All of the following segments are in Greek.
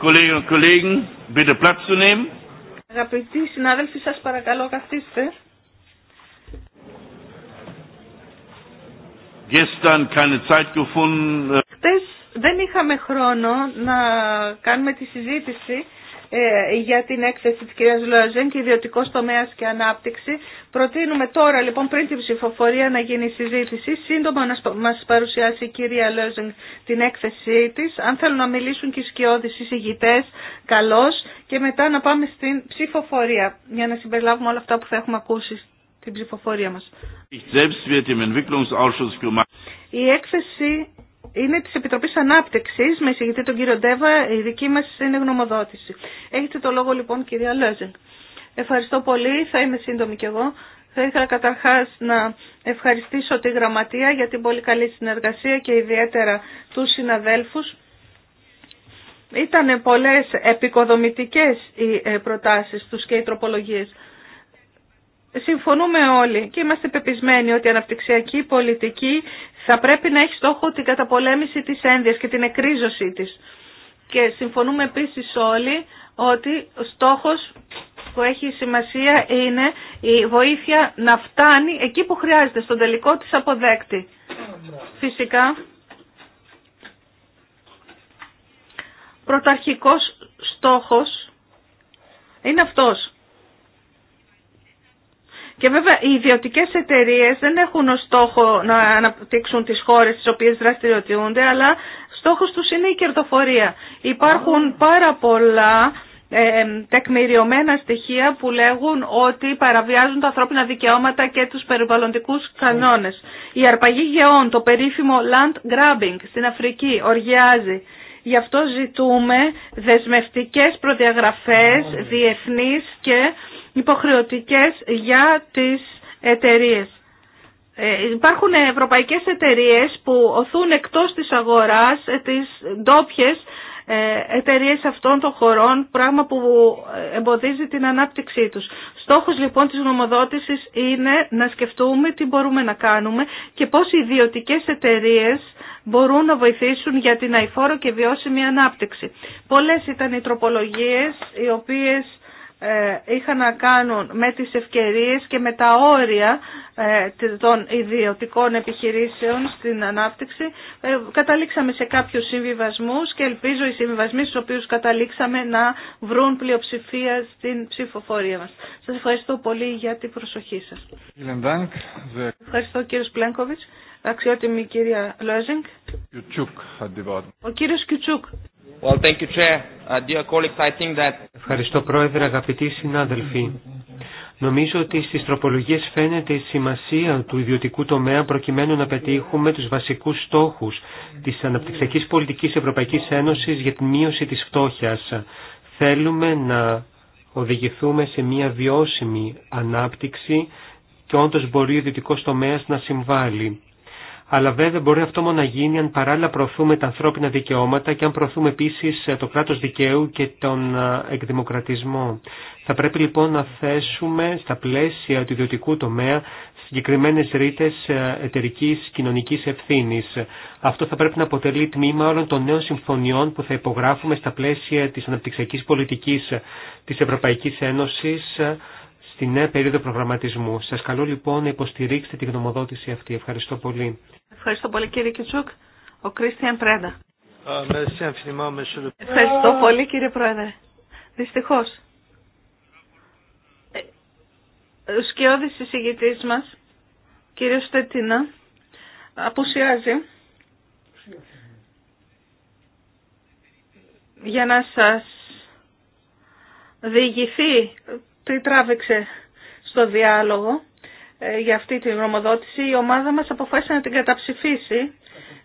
Kolleginnen und Kollegen, bitte Platz zu nehmen. Αγαπητοί συνάδελφοι, σας παρακαλώ καθίστε. Gestern keine Zeit gefunden. Äh, Χτες δεν είχαμε χρόνο να κάνουμε τη συζήτηση ε, για την έκθεση της κυρίας Λόζεν και ιδιωτικός τομέας και ανάπτυξη. Προτείνουμε τώρα λοιπόν πριν την ψηφοφορία να γίνει η συζήτηση. Σύντομα να μας παρουσιάσει η κυρία Λόζεν την έκθεσή της. Αν θέλουν να μιλήσουν και οι σκιώδεις εισηγητές, καλώς. Και μετά να πάμε στην ψηφοφορία για να συμπεριλάβουμε όλα αυτά που θα έχουμε ακούσει την ψηφοφορία μας. Η έκθεση είναι της Επιτροπής Ανάπτυξης, με εισηγητή τον κύριο Ντέβα, η δική μας είναι γνωμοδότηση. Έχετε το λόγο λοιπόν κυρία Λέζεν. Ευχαριστώ πολύ, θα είμαι σύντομη κι εγώ. Θα ήθελα καταρχάς να ευχαριστήσω τη Γραμματεία για την πολύ καλή συνεργασία και ιδιαίτερα τους συναδέλφους. Ήταν πολλές επικοδομητικές οι ε, προτάσεις τους και οι τροπολογίες. Συμφωνούμε όλοι και είμαστε πεπισμένοι ότι η αναπτυξιακή πολιτική θα πρέπει να έχει στόχο την καταπολέμηση της ένδυας και την εκρίζωσή της. Και συμφωνούμε επίσης όλοι ότι ο στόχος που έχει σημασία είναι η βοήθεια να φτάνει εκεί που χρειάζεται, στον τελικό της αποδέκτη. Φυσικά, πρωταρχικός στόχος είναι αυτός. Και βέβαια οι ιδιωτικέ εταιρείε δεν έχουν ως στόχο να αναπτύξουν τις χώρες τις οποίες δραστηριοποιούνται, αλλά στόχος τους είναι η κερδοφορία. Υπάρχουν πάρα πολλά ε, τεκμηριωμένα στοιχεία που λέγουν ότι παραβιάζουν τα ανθρώπινα δικαιώματα και τους περιβαλλοντικούς κανόνες. Η αρπαγή γεών, το περίφημο land grabbing στην Αφρική, οργιάζει. Γι' αυτό ζητούμε δεσμευτικές προδιαγραφές διεθνείς και υποχρεωτικές για τις εταιρείες. Ε, υπάρχουν ευρωπαϊκές εταιρείες που οθούν εκτός της αγοράς ε, τις ντόπιε εταιρείε αυτών των χωρών, πράγμα που εμποδίζει την ανάπτυξή τους. Στόχος λοιπόν της νομοδότησης είναι να σκεφτούμε τι μπορούμε να κάνουμε και πώς οι ιδιωτικές εταιρείε μπορούν να βοηθήσουν για την αηφόρο και βιώσιμη ανάπτυξη. Πολλές ήταν οι τροπολογίες οι οποίες ε, είχαν να κάνουν με τις ευκαιρίες και με τα όρια ε, των ιδιωτικών επιχειρήσεων στην ανάπτυξη. Ε, καταλήξαμε σε κάποιους συμβιβασμούς και ελπίζω οι συμβιβασμοί στους οποίους καταλήξαμε να βρουν πλειοψηφία στην ψηφοφορία μας. Σας ευχαριστώ πολύ για την προσοχή σας. Ευχαριστώ κύριο Πλένκοβιτς. Αξιότιμη κυρία Λόζινγκ. Ο κύριος Κιουτσούκ. Ευχαριστώ Πρόεδρε, αγαπητοί συνάδελφοι. Νομίζω ότι στις τροπολογίες φαίνεται η σημασία του ιδιωτικού τομέα προκειμένου να πετύχουμε τους βασικούς στόχους της αναπτυξιακής πολιτικής Ευρωπαϊκής Ένωσης για τη μείωση της φτώχειας. Θέλουμε να οδηγηθούμε σε μια βιώσιμη ανάπτυξη και όντως μπορεί ο ιδιωτικός τομέας να συμβάλλει αλλά βέβαια μπορεί αυτό μόνο να γίνει αν παράλληλα προωθούμε τα ανθρώπινα δικαιώματα και αν προωθούμε επίσης ε, το κράτος δικαίου και τον ε, εκδημοκρατισμό. Θα πρέπει λοιπόν να θέσουμε στα πλαίσια του ιδιωτικού τομέα συγκεκριμένες ρήτες ε, εταιρικής κοινωνικής ευθύνης. Αυτό θα πρέπει να αποτελεί τμήμα όλων των νέων συμφωνιών που θα υπογράφουμε στα πλαίσια της αναπτυξιακής πολιτικής της Ευρωπαϊκής Ένωσης στη νέα περίοδο προγραμματισμού. Σα καλώ λοιπόν να υποστηρίξετε τη γνωμοδότηση αυτή. Ευχαριστώ πολύ. Ευχαριστώ πολύ κύριε Κιτσούκ. Ο Κρίστιαν Πρέντα. Ευχαριστώ πολύ κύριε Πρόεδρε. Δυστυχώ. Ε, ο σκιώδη εισηγητής μας, ...κύριο Στετίνα, απουσιάζει για να σας διηγηθεί τι τράβηξε στο διάλογο ε, για αυτή τη γνωμοδότηση, η ομάδα μας αποφάσισε να την καταψηφίσει,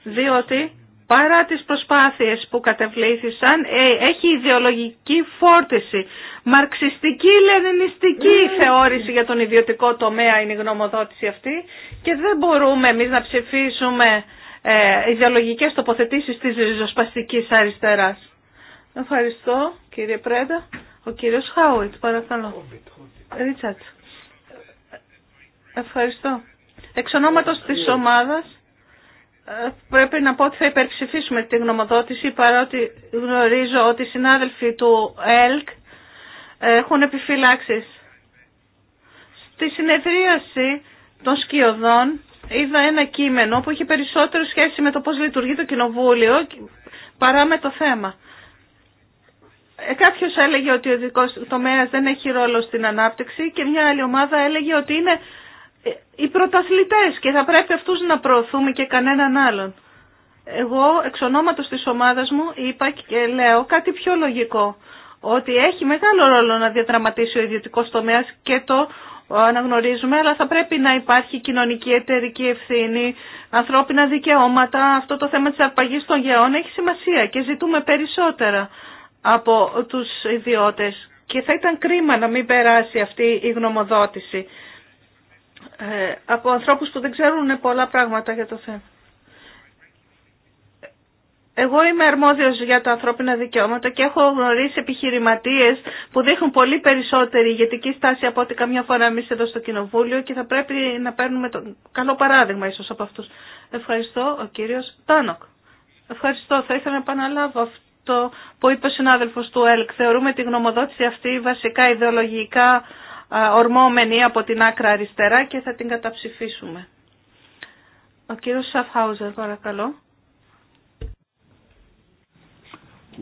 διότι παρά τις προσπάθειες που κατεβλήθησαν, ε, έχει ιδεολογική φόρτιση. Μαρξιστική, λενινιστική ε. θεώρηση για τον ιδιωτικό τομέα είναι η γνωμοδότηση αυτή και δεν μπορούμε εμείς να ψηφίσουμε ε, ιδεολογικές τοποθετήσεις της ριζοσπαστικής αριστεράς. Ευχαριστώ κύριε Πρέντα. Ο κύριος Χάουιτ, παρακαλώ. Ρίτσαρτ. Ευχαριστώ. Εξ ονόματος της ομάδας ε, πρέπει να πω ότι θα υπερψηφίσουμε τη γνωμοδότηση παρότι γνωρίζω ότι οι συνάδελφοι του ΕΛΚ ε, έχουν επιφυλάξεις. Στη συνεδρίαση των σκιωδών είδα ένα κείμενο που έχει περισσότερο σχέση με το πώς λειτουργεί το κοινοβούλιο παρά με το θέμα. Ε, Κάποιο έλεγε ότι ο ειδικό τομέα δεν έχει ρόλο στην ανάπτυξη και μια άλλη ομάδα έλεγε ότι είναι ε, οι πρωταθλητές και θα πρέπει αυτού να προωθούμε και κανέναν άλλον. Εγώ εξ ονόματο της ομάδας μου είπα και λέω κάτι πιο λογικό, ότι έχει μεγάλο ρόλο να διαδραματίσει ο ιδιωτικό τομέα και το ε, αναγνωρίζουμε, αλλά θα πρέπει να υπάρχει κοινωνική εταιρική ευθύνη, ανθρώπινα δικαιώματα, αυτό το θέμα τη αρπαγής των γεών έχει σημασία και ζητούμε περισσότερα από τους ιδιώτες και θα ήταν κρίμα να μην περάσει αυτή η γνωμοδότηση ε, από ανθρώπους που δεν ξέρουν πολλά πράγματα για το θέμα. Εγώ είμαι αρμόδιος για τα ανθρώπινα δικαιώματα και έχω γνωρίσει επιχειρηματίες που δείχνουν πολύ περισσότερη ηγετική στάση από ό,τι καμιά φορά εμείς εδώ στο Κοινοβούλιο και θα πρέπει να παίρνουμε το καλό παράδειγμα ίσως από αυτούς. Ευχαριστώ ο κύριος Τάνοκ. Ευχαριστώ. Θα ήθελα να επαναλάβω αυτό το που είπε ο συνάδελφο του ΕΛΚ. Θεωρούμε τη γνωμοδότηση αυτή βασικά ιδεολογικά ορμόμενη από την άκρα αριστερά και θα την καταψηφίσουμε. Ο κύριο Σαφχάουζερ, παρακαλώ.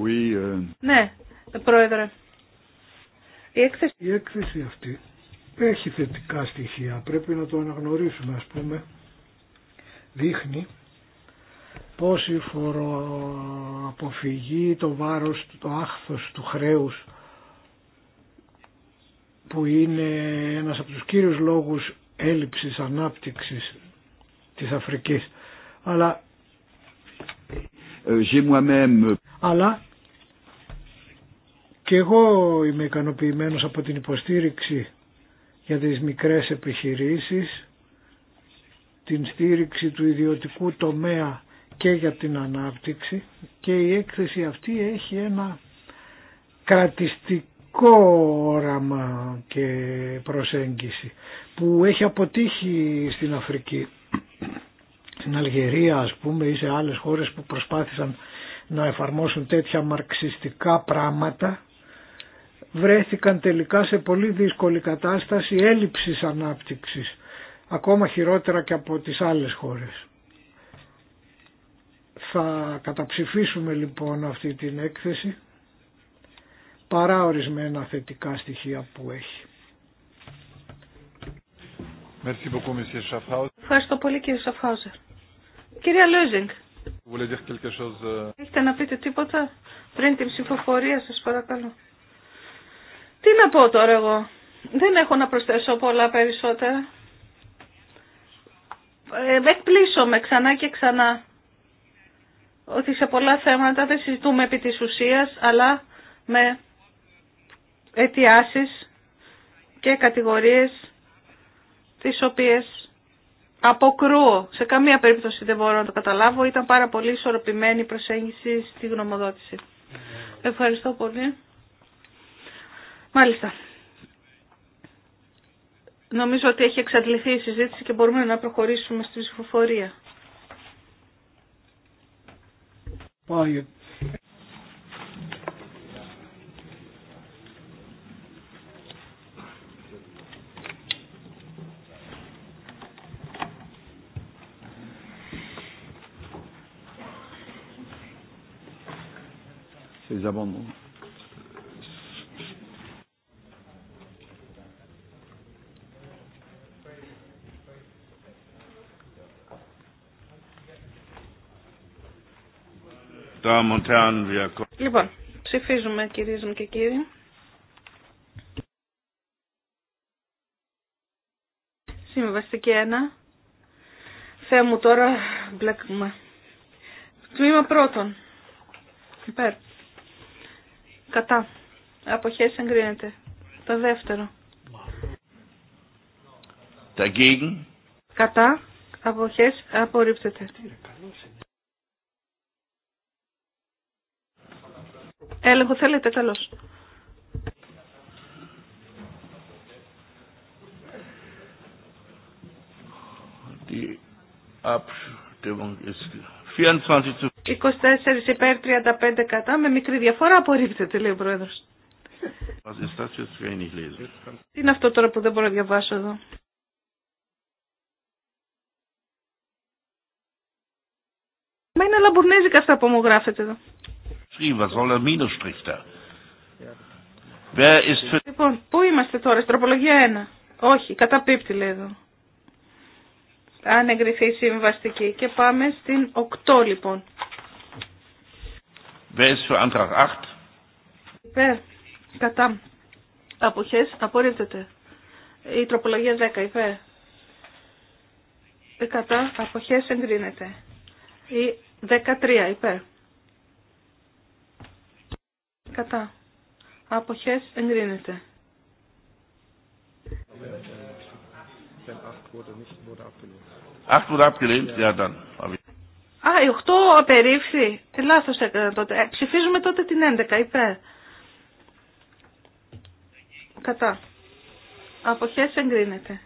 Ε, ναι, πρόεδρε. Η έκθεση... Η έκθεση αυτή έχει θετικά στοιχεία, πρέπει να το αναγνωρίσουμε ας πούμε. Δείχνει πόση φοροαποφυγή, το βάρος, το άχθος του χρέους που είναι ένας από τους κύριους λόγους έλλειψης ανάπτυξης της Αφρικής. Αλλά, ε, αλλά και εγώ είμαι ικανοποιημένο από την υποστήριξη για τις μικρές επιχειρήσεις, την στήριξη του ιδιωτικού τομέα και για την ανάπτυξη και η έκθεση αυτή έχει ένα κρατιστικό όραμα και προσέγγιση που έχει αποτύχει στην Αφρική. Στην Αλγερία ας πούμε ή σε άλλες χώρες που προσπάθησαν να εφαρμόσουν τέτοια μαρξιστικά πράγματα βρέθηκαν τελικά σε πολύ δύσκολη κατάσταση έλλειψης ανάπτυξης ακόμα χειρότερα και από τις άλλες χώρες. Θα καταψηφίσουμε λοιπόν αυτή την έκθεση παρά ορισμένα θετικά στοιχεία που έχει. Ευχαριστώ πολύ κύριε Σαφχάουζερ. Κυρία Λούζινγκ, euh, έχετε να πείτε τίποτα πριν την ψηφοφορία σας παρακαλώ. Τι να πω τώρα εγώ. Δεν έχω να προσθέσω πολλά περισσότερα. Ε, με ξανά και ξανά ότι σε πολλά θέματα δεν συζητούμε επί της ουσίας, αλλά με αιτιάσεις και κατηγορίες τις οποίες αποκρούω. Σε καμία περίπτωση δεν μπορώ να το καταλάβω. Ήταν πάρα πολύ ισορροπημένη η προσέγγιση στη γνωμοδότηση. Ευχαριστώ πολύ. Μάλιστα. Νομίζω ότι έχει εξαντληθεί η συζήτηση και μπορούμε να προχωρήσουμε στη ψηφοφορία. Πάγιο. Ces amendements. Λοιπόν, ψηφίζουμε κύριε μου και κύριοι. Συμβαστική 1. Θεέ μου τώρα μπλέκουμε. Τμήμα πρώτον. Υπέρ. Κατά. Αποχές εγκρίνεται. Το δεύτερο. Dagegen. Κατά. Αποχές απορρίπτεται. Έλεγχο θέλετε, καλώς. 24 υπέρ 35 κατά, με μικρή διαφορά απορρίπτεται, λέει ο Πρόεδρος. Τι είναι αυτό τώρα που δεν μπορώ να διαβάσω εδώ. Μα είναι λαμπουρνέζικα αυτά που μου γράφετε εδώ geschrieben. Was soll der Λοιπόν, πού είμαστε τώρα, στην τροπολογία 1. Όχι, καταπίπτει λέει εδώ. Αν εγκριθεί η συμβαστική. Και πάμε στην 8 λοιπόν. Wer ist für Antrag 8? Υπέρ. Κατά. απόχέ, Απορρίπτεται. Η τροπολογία 10. Υπέρ. Ε, κατά. απόχέ εγκρίνεται. Η 13. Υπέρ. Κατά. Αποχές εγκρίνεται. wurde Α, η 8 απερίφθη. Λάθος έκανα τότε. Ε, ψηφίζουμε τότε την 11, υπέρ. Κατά. Αποχές εγκρίνεται.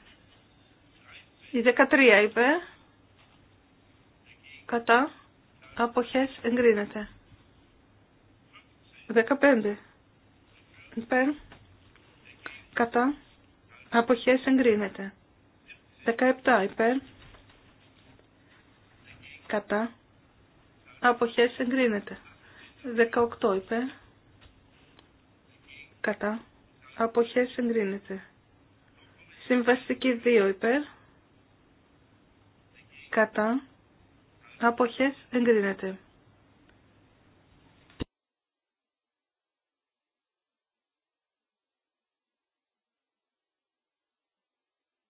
Η 13 υπέρ. Κατά. Αποχές εγκρίνεται. 15. Υπέρ. Κατά. Αποχές εγκρίνεται. 17. Υπέρ. Κατά. Αποχές εγκρίνεται. 18. Υπέρ. Κατά. Αποχές εγκρίνεται. Συμβαστική 2. Υπέρ. Κατά. Αποχές εγκρίνεται.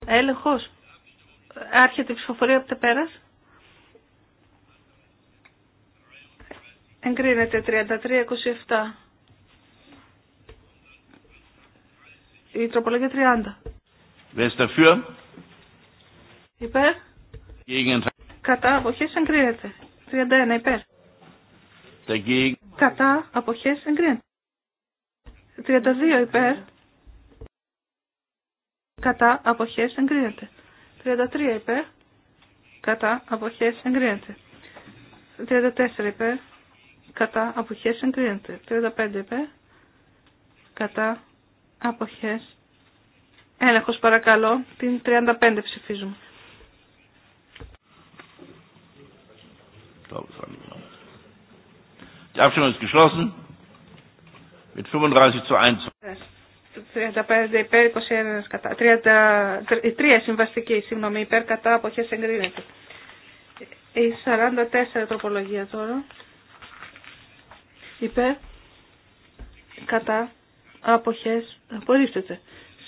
Έλεγχος. Άρχεται η ψηφοφορία από τα πέρας. Εγκρίνεται 33-27. Η τροπολογία 30. Wer Υπέρ. Κατά αποχές εγκρίνεται. 31 υπέρ. Κατά αποχές εγκρίνεται. 32 υπέρ κατά αποχές εγκρίνεται. 33 υπέρ, κατά αποχές εγκρίνεται. 34 υπέρ, κατά αποχές εγκρίνεται. 35 υπέρ, κατά αποχές. Έλεγχος παρακαλώ, την 35 ψηφίζουμε. Die Abstimmung ist geschlossen. Mit 35 zu 1. 35 υπέρ, 21 κατά. 3 συμβαστική, συγγνώμη, υπέρ κατά αποχές εγκρίνεται. Η 44 τροπολογία τώρα. Υπέρ κατά αποχές απορρίφτεται.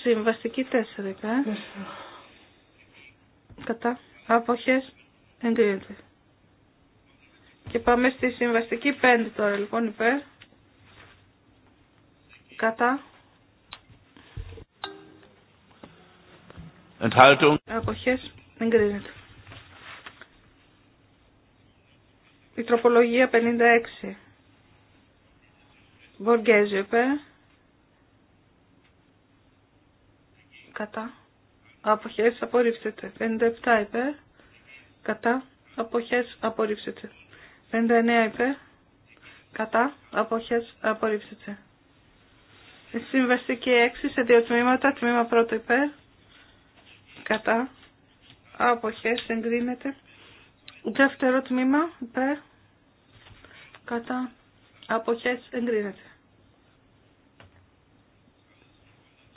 Συμβαστική 4 υπέρ. Κατά αποχές εγκρίνεται. Και πάμε στη συμβαστική 5 τώρα λοιπόν υπέρ. Κατά Enthaltung. Αποχές. Εγκρίνεται. Η τροπολογία 56. Μποργέζιο είπε. Κατά. Αποχές απορρίψετε. 57 είπε, Κατά. Αποχές απορρίψετε. 59 είπε, Κατά. Αποχές απορρίψετε. Συμβαστική 6 σε δύο τμήματα. Τμήμα πρώτο υπέρ κατά απόχέ εγκρίνεται. Δεύτερο τμήμα υπέρ κατά αποχές εγκρίνεται.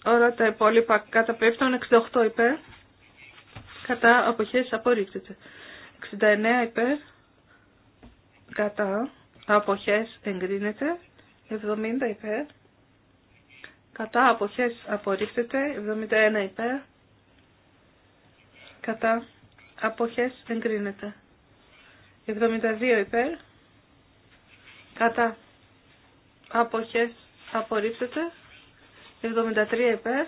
Όλα τα υπόλοιπα πέφτουν 68 υπέρ κατά αποχές απορρίπτεται. 69 υπέρ κατά αποχές εγκρίνεται. 70 υπέρ κατά αποχές απορρίπτεται. 71 υπέρ κατά αποχές εγκρίνεται. 72 υπέρ κατά αποχές απορρίπτεται. 73 υπέρ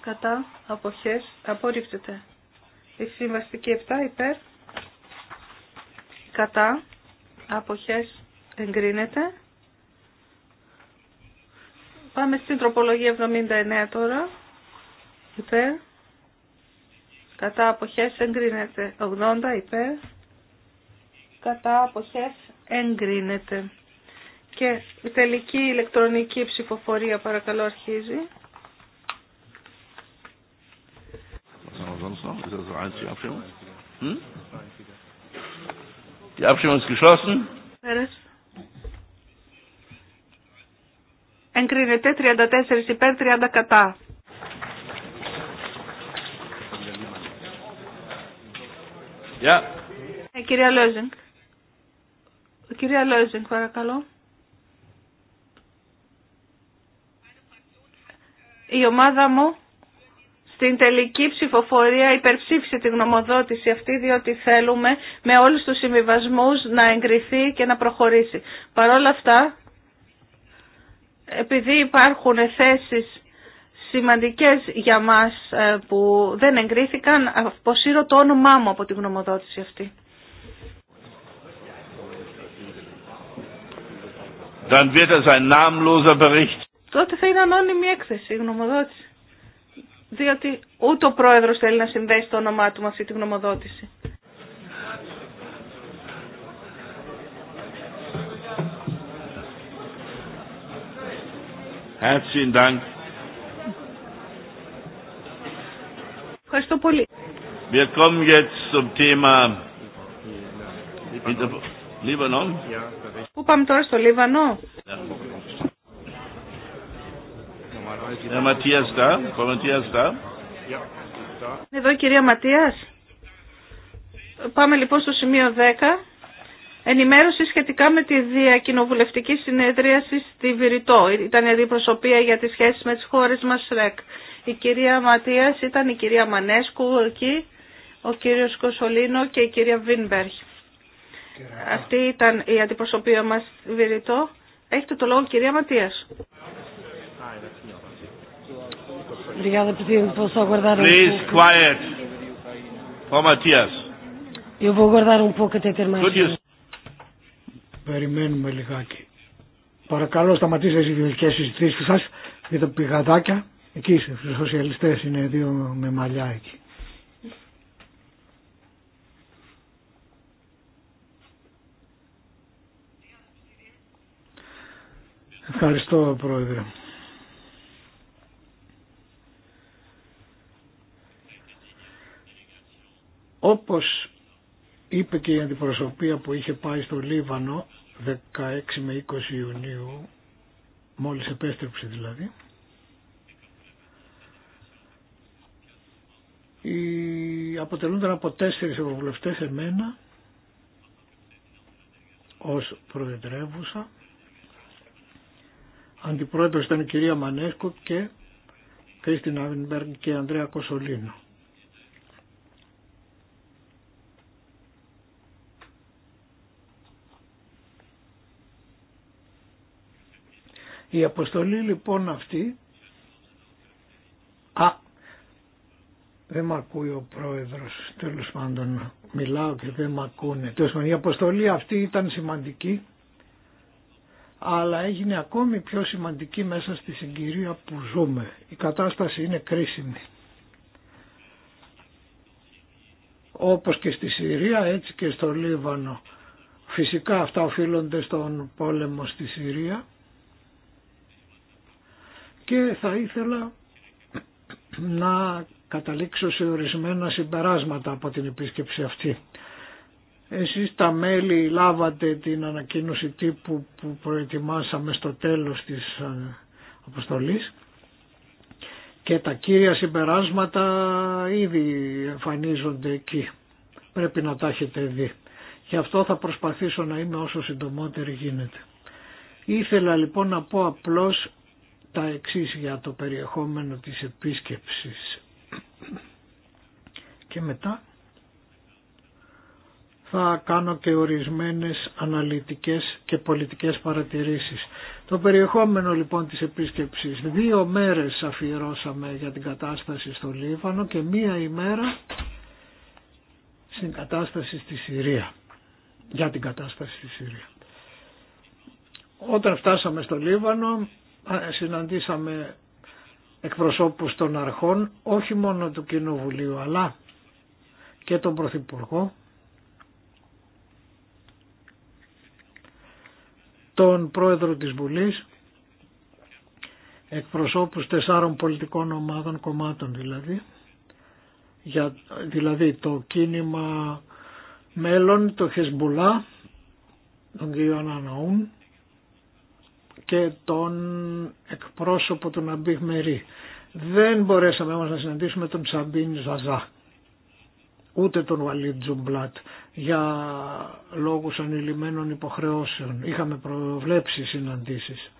κατά αποχές απορρίπτεται. Η συμβαστική 7 υπέρ κατά αποχές εγκρίνεται. Πάμε στην τροπολογία 79 τώρα. Υπέρ Κατά αποχές εγκρίνεται. 80 υπέρ. Κατά αποχές εγκρίνεται. Και η τελική ηλεκτρονική ψηφοφορία παρακαλώ αρχίζει. Die Abstimmung ist geschlossen. Εγκρίνεται 34 υπέρ 30 κατά. Ε, κυρία Λόζινγκ. Κυρία Λόζινγκ, παρακαλώ. Η ομάδα μου στην τελική ψηφοφορία υπερψήφισε τη γνωμοδότηση αυτή διότι θέλουμε με όλους τους συμβιβασμούς να εγκριθεί και να προχωρήσει. Παρ' όλα αυτά, επειδή υπάρχουν θέσεις σημαντικές για μας ε, που δεν εγκρίθηκαν. Αποσύρω το όνομά μου από τη γνωμοδότηση αυτή. Dann wird es ein namenloser Bericht. Τότε θα είναι ανώνυμη έκθεση, η γνωμοδότηση. Διότι ούτε ο πρόεδρος θέλει να συνδέσει το όνομά του με αυτή τη γνωμοδότηση. Herzlichen Dank. Ευχαριστώ πολύ. Wir kommen jetzt zum Thema Libanon. Πού πάμε τώρα στο Λίβανο. Ματίας εδώ η κυρία Ματίας. Πάμε λοιπόν στο σημείο 10. Ενημέρωση σχετικά με τη διακοινοβουλευτική συνεδρίαση στη Βηρητό. Ήταν η αντιπροσωπεία για τις σχέσεις με τις χώρες μας ΡΕΚ. Η κυρία Ματίας ήταν η κυρία Μανέσκου εκεί, ο κύριος Κοσολίνο και η κυρία Βίνμπερχ. Αυτή ήταν η αντιπροσωπεία μας Βηρητό. Έχετε το λόγο κυρία Ματίας. Περιμένουμε λιγάκι. Παρακαλώ σταματήστε τις ιδιωτικές συζητήσεις σας για τα πηγαδάκια. Εκεί οι σοσιαλιστές είναι δύο με μαλλιά εκεί. Ευχαριστώ Πρόεδρε. Όπως είπε και η αντιπροσωπεία που είχε πάει στο Λίβανο 16 με 20 Ιουνίου, μόλις επέστρεψε δηλαδή, αποτελούνταν από τέσσερις ευρωβουλευτές εμένα ως προεδρεύουσα αντιπρόεδρος ήταν η κυρία Μανέσκο και Κρίστιν και Ανδρέα Κοσολίνο. Η αποστολή λοιπόν αυτή α, δεν μ' ακούει ο πρόεδρο τέλο πάντων μιλάω και δεν μ' ακούνε. Τέλος πάντων η αποστολή αυτή ήταν σημαντική, αλλά έγινε ακόμη πιο σημαντική μέσα στη συγκυρία που ζούμε. Η κατάσταση είναι κρίσιμη. Όπως και στη Συρία έτσι και στο Λίβανο. Φυσικά αυτά οφείλονται στον πόλεμο στη Συρία και θα ήθελα να καταλήξω σε ορισμένα συμπεράσματα από την επίσκεψη αυτή. Εσείς τα μέλη λάβατε την ανακοίνωση τύπου που προετοιμάσαμε στο τέλος της ε, αποστολής και τα κύρια συμπεράσματα ήδη εμφανίζονται εκεί. Πρέπει να τα έχετε δει. Γι' αυτό θα προσπαθήσω να είμαι όσο συντομότερη γίνεται. Ήθελα λοιπόν να πω απλώς τα εξής για το περιεχόμενο της επίσκεψης. Και μετά θα κάνω και ορισμένες αναλυτικές και πολιτικές παρατηρήσεις. Το περιεχόμενο λοιπόν της επίσκεψης. Δύο μέρες αφιερώσαμε για την κατάσταση στο Λίβανο και μία ημέρα στην κατάσταση στη Συρία. Για την κατάσταση στη Συρία. Όταν φτάσαμε στο Λίβανο συναντήσαμε εκπροσώπους των αρχών όχι μόνο του Κοινοβουλίου αλλά και τον Πρωθυπουργό τον Πρόεδρο της Βουλής εκπροσώπους τεσσάρων πολιτικών ομάδων κομμάτων δηλαδή για, δηλαδή το κίνημα μέλλον, το Χεσμπουλά τον κ. Ανάναούν, και τον εκπρόσωπο του Ναμπίγ Δεν μπορέσαμε όμως να συναντήσουμε τον Τσαμπίν Ζαζά ούτε τον Βαλίτ Τζουμπλάτ για λόγους ανηλυμένων υποχρεώσεων. Είχαμε προβλέψει συναντήσεις.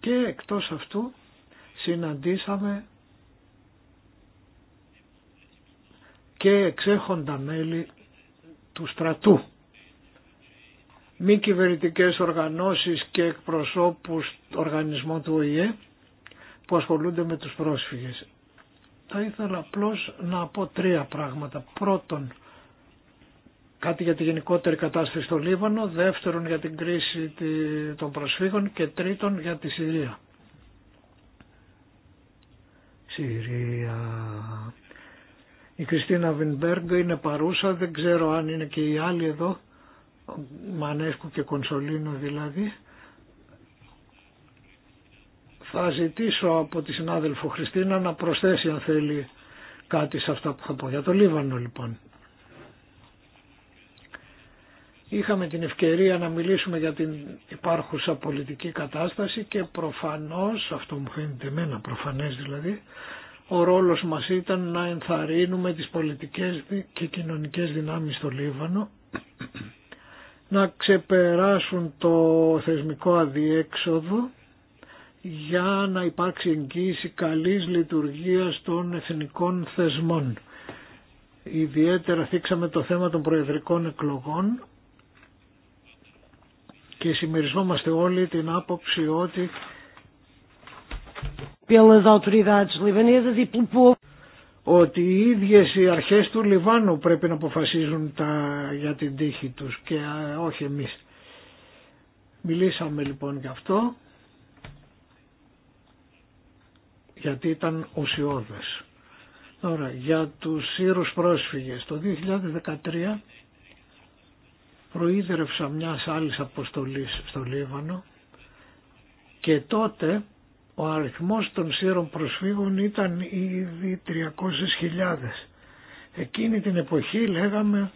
Και εκτός αυτού συναντήσαμε και εξέχοντα μέλη του στρατού μη κυβερνητικέ οργανώσεις και εκπροσώπους οργανισμών του ΟΗΕ που ασχολούνται με τους πρόσφυγες. Θα ήθελα απλώ να πω τρία πράγματα. Πρώτον, κάτι για τη γενικότερη κατάσταση στο Λίβανο, δεύτερον για την κρίση των προσφύγων και τρίτον για τη Συρία. Συρία. Η Κριστίνα Βινμπέργκ είναι παρούσα, δεν ξέρω αν είναι και οι άλλοι εδώ. Μανέσκου και Κονσολίνου δηλαδή, θα ζητήσω από τη συνάδελφο Χριστίνα να προσθέσει αν θέλει κάτι σε αυτά που θα πω. Για το Λίβανο λοιπόν. Είχαμε την ευκαιρία να μιλήσουμε για την υπάρχουσα πολιτική κατάσταση και προφανώς, αυτό μου φαίνεται εμένα προφανές δηλαδή, ο ρόλος μας ήταν να ενθαρρύνουμε τις πολιτικές και κοινωνικές δυνάμεις στο Λίβανο να ξεπεράσουν το θεσμικό αδιέξοδο για να υπάρξει εγγύηση καλής λειτουργίας των εθνικών θεσμών. Ιδιαίτερα θίξαμε το θέμα των προεδρικών εκλογών και συμμεριζόμαστε όλοι την άποψη ότι e ότι οι ίδιες οι αρχές του Λιβάνου πρέπει να αποφασίζουν για την τύχη τους και όχι εμείς. Μιλήσαμε λοιπόν γι' αυτό γιατί ήταν ουσιώδες. Τώρα, για τους Σύρους πρόσφυγες. Το 2013 προείδρευσα μιας άλλης αποστολής στο Λίβανο και τότε ο αριθμός των σύρων προσφύγων ήταν ήδη 300.000. Εκείνη την εποχή λέγαμε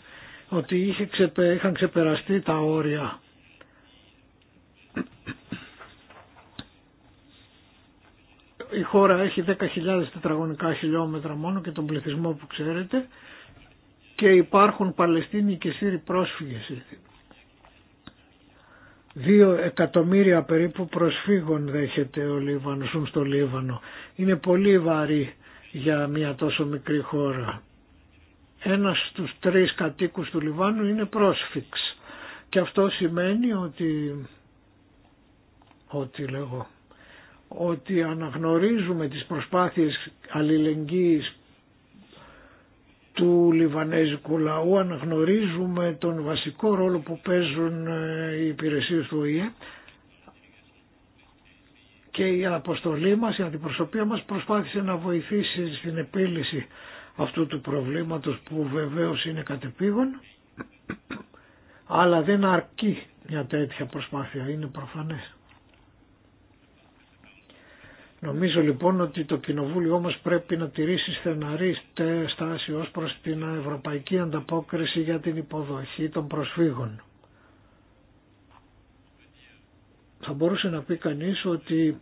ότι είχε είχαν ξεπεραστεί τα όρια. Η χώρα έχει 10.000 τετραγωνικά χιλιόμετρα μόνο και τον πληθυσμό που ξέρετε και υπάρχουν Παλαιστίνοι και Σύροι πρόσφυγες Δύο εκατομμύρια περίπου προσφύγων δέχεται ο Λίβανος, στο Λίβανο. Είναι πολύ βαρύ για μια τόσο μικρή χώρα. Ένας στους τρεις κατοίκους του Λιβάνου είναι πρόσφυξ. Και αυτό σημαίνει ότι, ότι λέγω, ότι αναγνωρίζουμε τις προσπάθειες αλληλεγγύης του Λιβανέζικου λαού αναγνωρίζουμε τον βασικό ρόλο που παίζουν ε, οι υπηρεσίες του ΟΗΕ και η αποστολή μας, η αντιπροσωπεία μας προσπάθησε να βοηθήσει στην επίλυση αυτού του προβλήματος που βεβαίως είναι κατεπήγον αλλά δεν αρκεί μια τέτοια προσπάθεια, είναι προφανές. Νομίζω λοιπόν ότι το Κοινοβούλιο όμως πρέπει να τηρήσει στεναρή στάση ως προς την ευρωπαϊκή ανταπόκριση για την υποδοχή των προσφύγων. Θα μπορούσε να πει κανείς ότι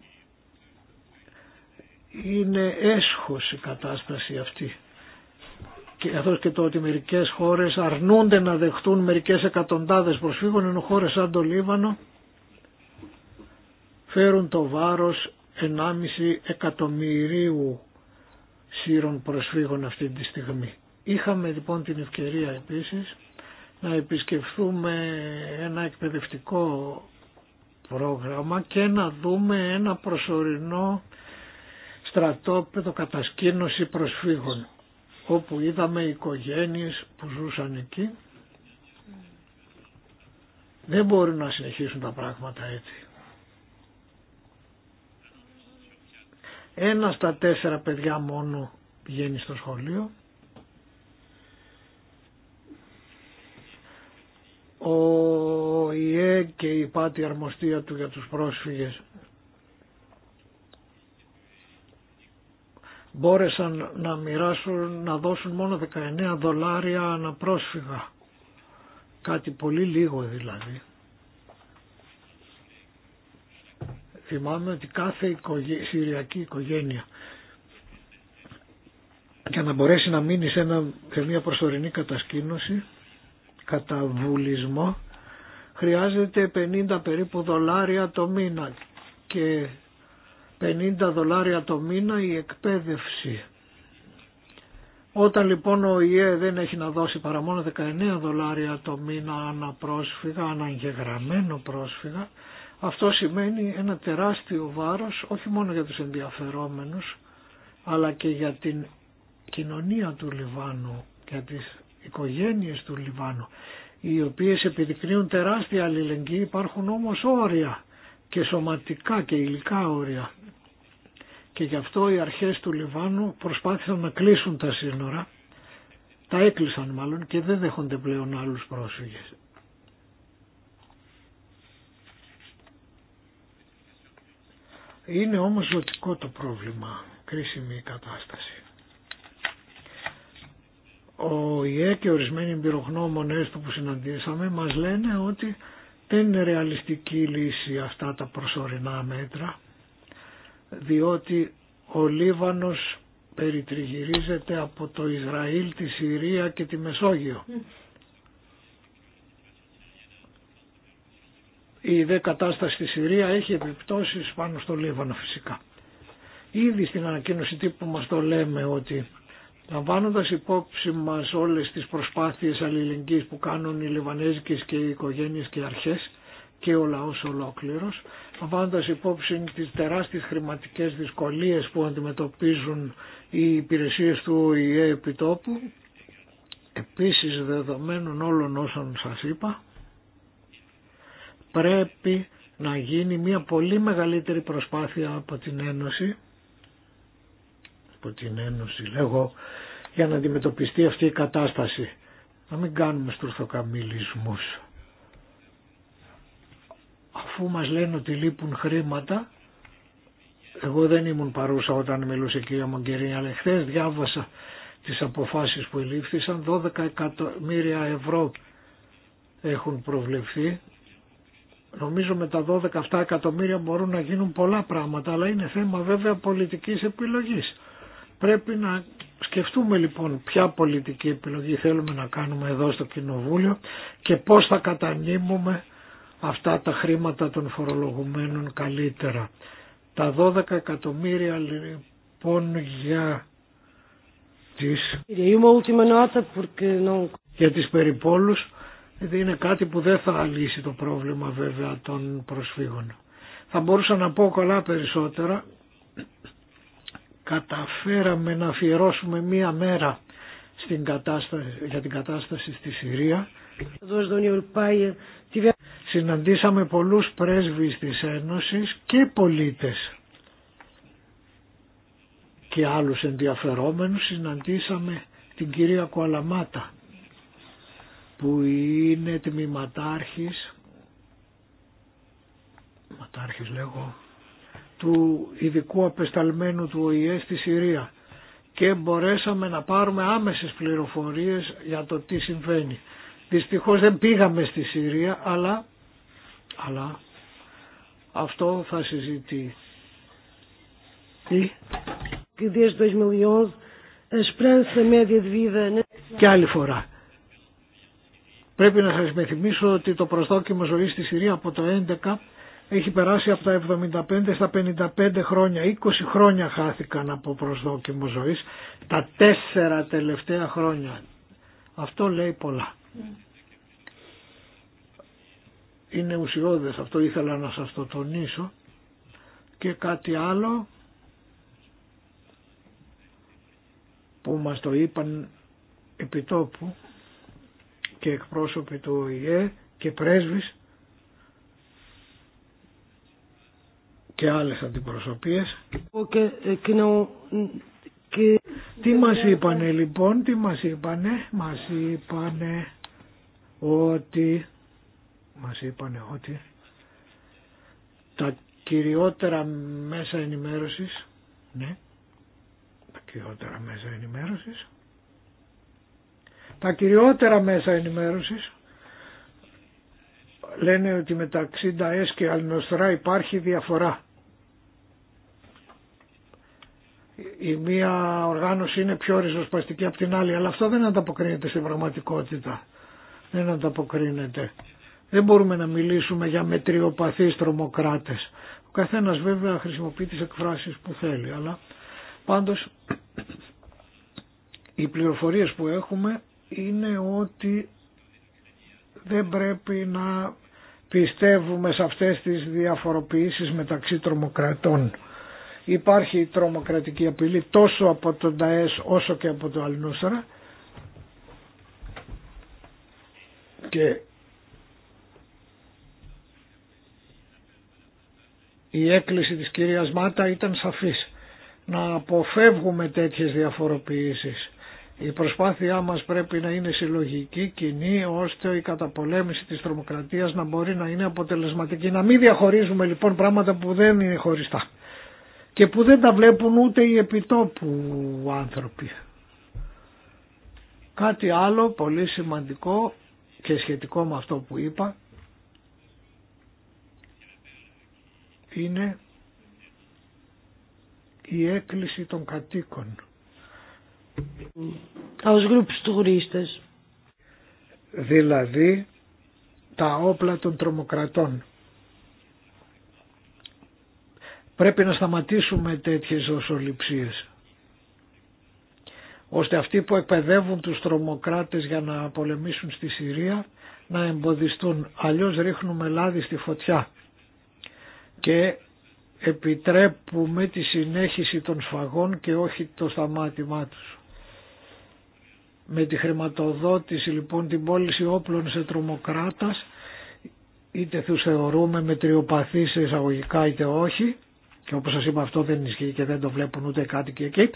είναι έσχος η κατάσταση αυτή. Και και το ότι μερικές χώρες αρνούνται να δεχτούν μερικές εκατοντάδες προσφύγων ενώ χώρες σαν το Λίβανο φέρουν το βάρος 1,5 εκατομμυρίου σύρων προσφύγων αυτή τη στιγμή. Είχαμε λοιπόν την ευκαιρία επίσης να επισκεφθούμε ένα εκπαιδευτικό πρόγραμμα και να δούμε ένα προσωρινό στρατόπεδο κατασκήνωση προσφύγων όπου είδαμε οικογένειες που ζούσαν εκεί. Δεν μπορούν να συνεχίσουν τα πράγματα έτσι. Ένα στα τέσσερα παιδιά μόνο πηγαίνει στο σχολείο. Ο ΙΕ και η πάτη αρμοστία του για τους πρόσφυγες μπόρεσαν να μοιράσουν, να δώσουν μόνο 19 δολάρια αναπρόσφυγα. Κάτι πολύ λίγο δηλαδή. Θυμάμαι ότι κάθε οικογέ... συριακή οικογένεια για να μπορέσει να μείνει σε, ένα... μια προσωρινή κατασκήνωση, καταβουλισμό, χρειάζεται 50 περίπου δολάρια το μήνα και 50 δολάρια το μήνα η εκπαίδευση. Όταν λοιπόν ο ΙΕ δεν έχει να δώσει παρά μόνο 19 δολάρια το μήνα αναπρόσφυγα, αναγεγραμμένο πρόσφυγα, αυτό σημαίνει ένα τεράστιο βάρος όχι μόνο για τους ενδιαφερόμενους αλλά και για την κοινωνία του Λιβάνου, για τις οικογένειες του Λιβάνου οι οποίες επιδεικνύουν τεράστια αλληλεγγύη υπάρχουν όμως όρια και σωματικά και υλικά όρια και γι' αυτό οι αρχές του Λιβάνου προσπάθησαν να κλείσουν τα σύνορα τα έκλεισαν μάλλον και δεν δέχονται πλέον άλλους πρόσφυγες. Είναι όμως ζωτικό το πρόβλημα, κρίσιμη η κατάσταση. Ο ΙΕ και ορισμένοι εμπειρογνώμονες του που συναντήσαμε μας λένε ότι δεν είναι ρεαλιστική λύση αυτά τα προσωρινά μέτρα διότι ο Λίβανος περιτριγυρίζεται από το Ισραήλ, τη Συρία και τη Μεσόγειο. η δε κατάσταση στη Συρία έχει επιπτώσεις πάνω στο Λίβανο φυσικά. Ήδη στην ανακοίνωση τύπου μας το λέμε ότι λαμβάνοντα υπόψη μας όλες τις προσπάθειες αλληλεγγύης που κάνουν οι Λιβανέζικες και οι οικογένειες και οι αρχές και ο λαός ολόκληρος, λαμβάνοντα υπόψη τις τεράστιες χρηματικές δυσκολίες που αντιμετωπίζουν οι υπηρεσίες του ΟΗΕ επιτόπου, επίσης δεδομένων όλων όσων σας είπα, πρέπει να γίνει μια πολύ μεγαλύτερη προσπάθεια από την Ένωση από την Ένωση λέγω για να αντιμετωπιστεί αυτή η κατάσταση να μην κάνουμε στουρθοκαμιλισμούς αφού μας λένε ότι λείπουν χρήματα εγώ δεν ήμουν παρούσα όταν μιλούσε η κυρία Μογκερίνη αλλά χθε διάβασα τις αποφάσεις που ελήφθησαν 12 εκατομμύρια ευρώ έχουν προβλεφθεί Νομίζω με τα 12 αυτά εκατομμύρια μπορούν να γίνουν πολλά πράγματα, αλλά είναι θέμα βέβαια πολιτικής επιλογής. Πρέπει να σκεφτούμε λοιπόν ποια πολιτική επιλογή θέλουμε να κάνουμε εδώ στο Κοινοβούλιο και πώς θα κατανείμουμε αυτά τα χρήματα των φορολογουμένων καλύτερα. Τα 12 εκατομμύρια λοιπόν για τις, για τις περιπόλους είναι κάτι που δεν θα λύσει το πρόβλημα βέβαια των προσφύγων. Θα μπορούσα να πω καλά περισσότερα. Καταφέραμε να αφιερώσουμε μία μέρα στην κατάσταση, για την κατάσταση στη Συρία. Συναντήσαμε πολλούς πρέσβεις της Ένωσης και πολίτες και άλλους ενδιαφερόμενους. Συναντήσαμε την κυρία Κουαλαμάτα που είναι τμήματάρχης ματάρχης λέγω του ειδικού απεσταλμένου του ΟΗΕ στη Συρία και μπορέσαμε να πάρουμε άμεσες πληροφορίες για το τι συμβαίνει. Δυστυχώς δεν πήγαμε στη Συρία αλλά, αλλά αυτό θα συζητεί. Τι? E και άλλη φορά. Πρέπει να σας μεθυμίσω ότι το προσδόκιμο ζωής στη Συρία από το 11 έχει περάσει από τα 75 στα 55 χρόνια. 20 χρόνια χάθηκαν από προσδόκιμο ζωής τα τέσσερα τελευταία χρόνια. Αυτό λέει πολλά. Είναι ουσιώδες, αυτό ήθελα να σας το τονίσω. Και κάτι άλλο που μας το είπαν επιτόπου και εκπρόσωποι του ΟΗΕ και πρέσβης και άλλες αντιπροσωπείες. Okay, ε, και... Τι μας είπανε λοιπόν, τι μας είπανε, μας είπανε ότι, μας είπανε ότι τα κυριότερα μέσα ενημέρωσης, ναι, τα κυριότερα μέσα ενημέρωσης, τα κυριότερα μέσα ενημέρωσης λένε ότι μεταξύ Νταές και Αλνοστρά υπάρχει διαφορά. Η μία οργάνωση είναι πιο ριζοσπαστική από την άλλη, αλλά αυτό δεν ανταποκρίνεται στην πραγματικότητα. Δεν ανταποκρίνεται. Δεν μπορούμε να μιλήσουμε για μετριοπαθείς τρομοκράτες. Ο καθένας βέβαια χρησιμοποιεί τις εκφράσεις που θέλει, αλλά πάντως οι πληροφορίες που έχουμε είναι ότι δεν πρέπει να πιστεύουμε σε αυτές τις διαφοροποιήσεις μεταξύ τρομοκρατών. Υπάρχει τρομοκρατική απειλή τόσο από τον ΤΑΕΣ όσο και από το Αλνούσαρα και η έκκληση της κυρίας Μάτα ήταν σαφής να αποφεύγουμε τέτοιες διαφοροποιήσεις η προσπάθειά μας πρέπει να είναι συλλογική, κοινή, ώστε η καταπολέμηση της τρομοκρατίας να μπορεί να είναι αποτελεσματική. Να μην διαχωρίζουμε λοιπόν πράγματα που δεν είναι χωριστά και που δεν τα βλέπουν ούτε οι επιτόπου άνθρωποι. Κάτι άλλο πολύ σημαντικό και σχετικό με αυτό που είπα είναι η έκκληση των κατοίκων Δηλαδή τα όπλα των τρομοκρατών. Πρέπει να σταματήσουμε τέτοιες δοσοληψίες ώστε αυτοί που εκπαιδεύουν τους τρομοκράτες για να πολεμήσουν στη Συρία να εμποδιστούν. Αλλιώς ρίχνουμε λάδι στη φωτιά και επιτρέπουμε τη συνέχιση των σφαγών και όχι το σταμάτημά τους. Με τη χρηματοδότηση λοιπόν την πώληση όπλων σε τρομοκράτας είτε τους θεωρούμε σε εισαγωγικά είτε όχι και όπως σας είπα αυτό δεν ισχύει και δεν το βλέπουν ούτε κάτι και εκεί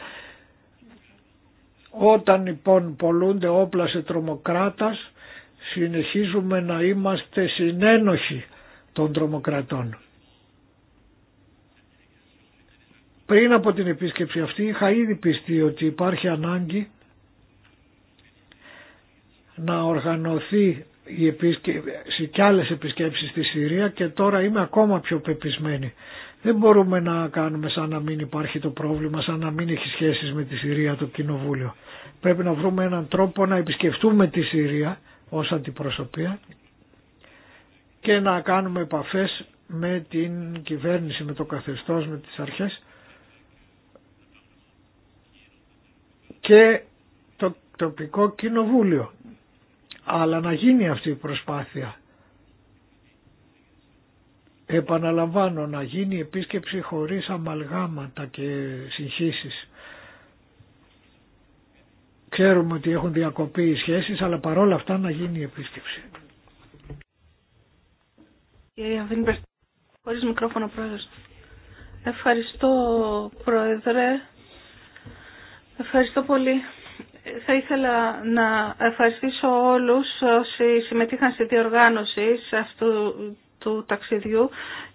όταν λοιπόν πολλούνται όπλα σε τρομοκράτας συνεχίζουμε να είμαστε συνένοχοι των τρομοκρατών. Πριν από την επίσκεψη αυτή είχα ήδη πιστεί ότι υπάρχει ανάγκη να οργανωθεί η επίσκεψη και άλλες επισκέψεις στη Συρία και τώρα είμαι ακόμα πιο πεπισμένη. Δεν μπορούμε να κάνουμε σαν να μην υπάρχει το πρόβλημα, σαν να μην έχει σχέσεις με τη Συρία το Κοινοβούλιο. Πρέπει να βρούμε έναν τρόπο να επισκεφτούμε τη Συρία ως αντιπροσωπεία και να κάνουμε επαφές με την κυβέρνηση, με το καθεστώς, με τις αρχές και το τοπικό κοινοβούλιο αλλά να γίνει αυτή η προσπάθεια. Επαναλαμβάνω να γίνει επίσκεψη χωρίς αμαλγάματα και συγχύσεις. Ξέρουμε ότι έχουν διακοπεί οι σχέσεις, αλλά παρόλα αυτά να γίνει η επίσκεψη. χωρίς μικρόφωνο πρόεδρος. Ευχαριστώ πρόεδρε. Ευχαριστώ πολύ θα ήθελα να ευχαριστήσω όλους όσοι συμμετείχαν στη διοργάνωση αυτού του ταξιδιού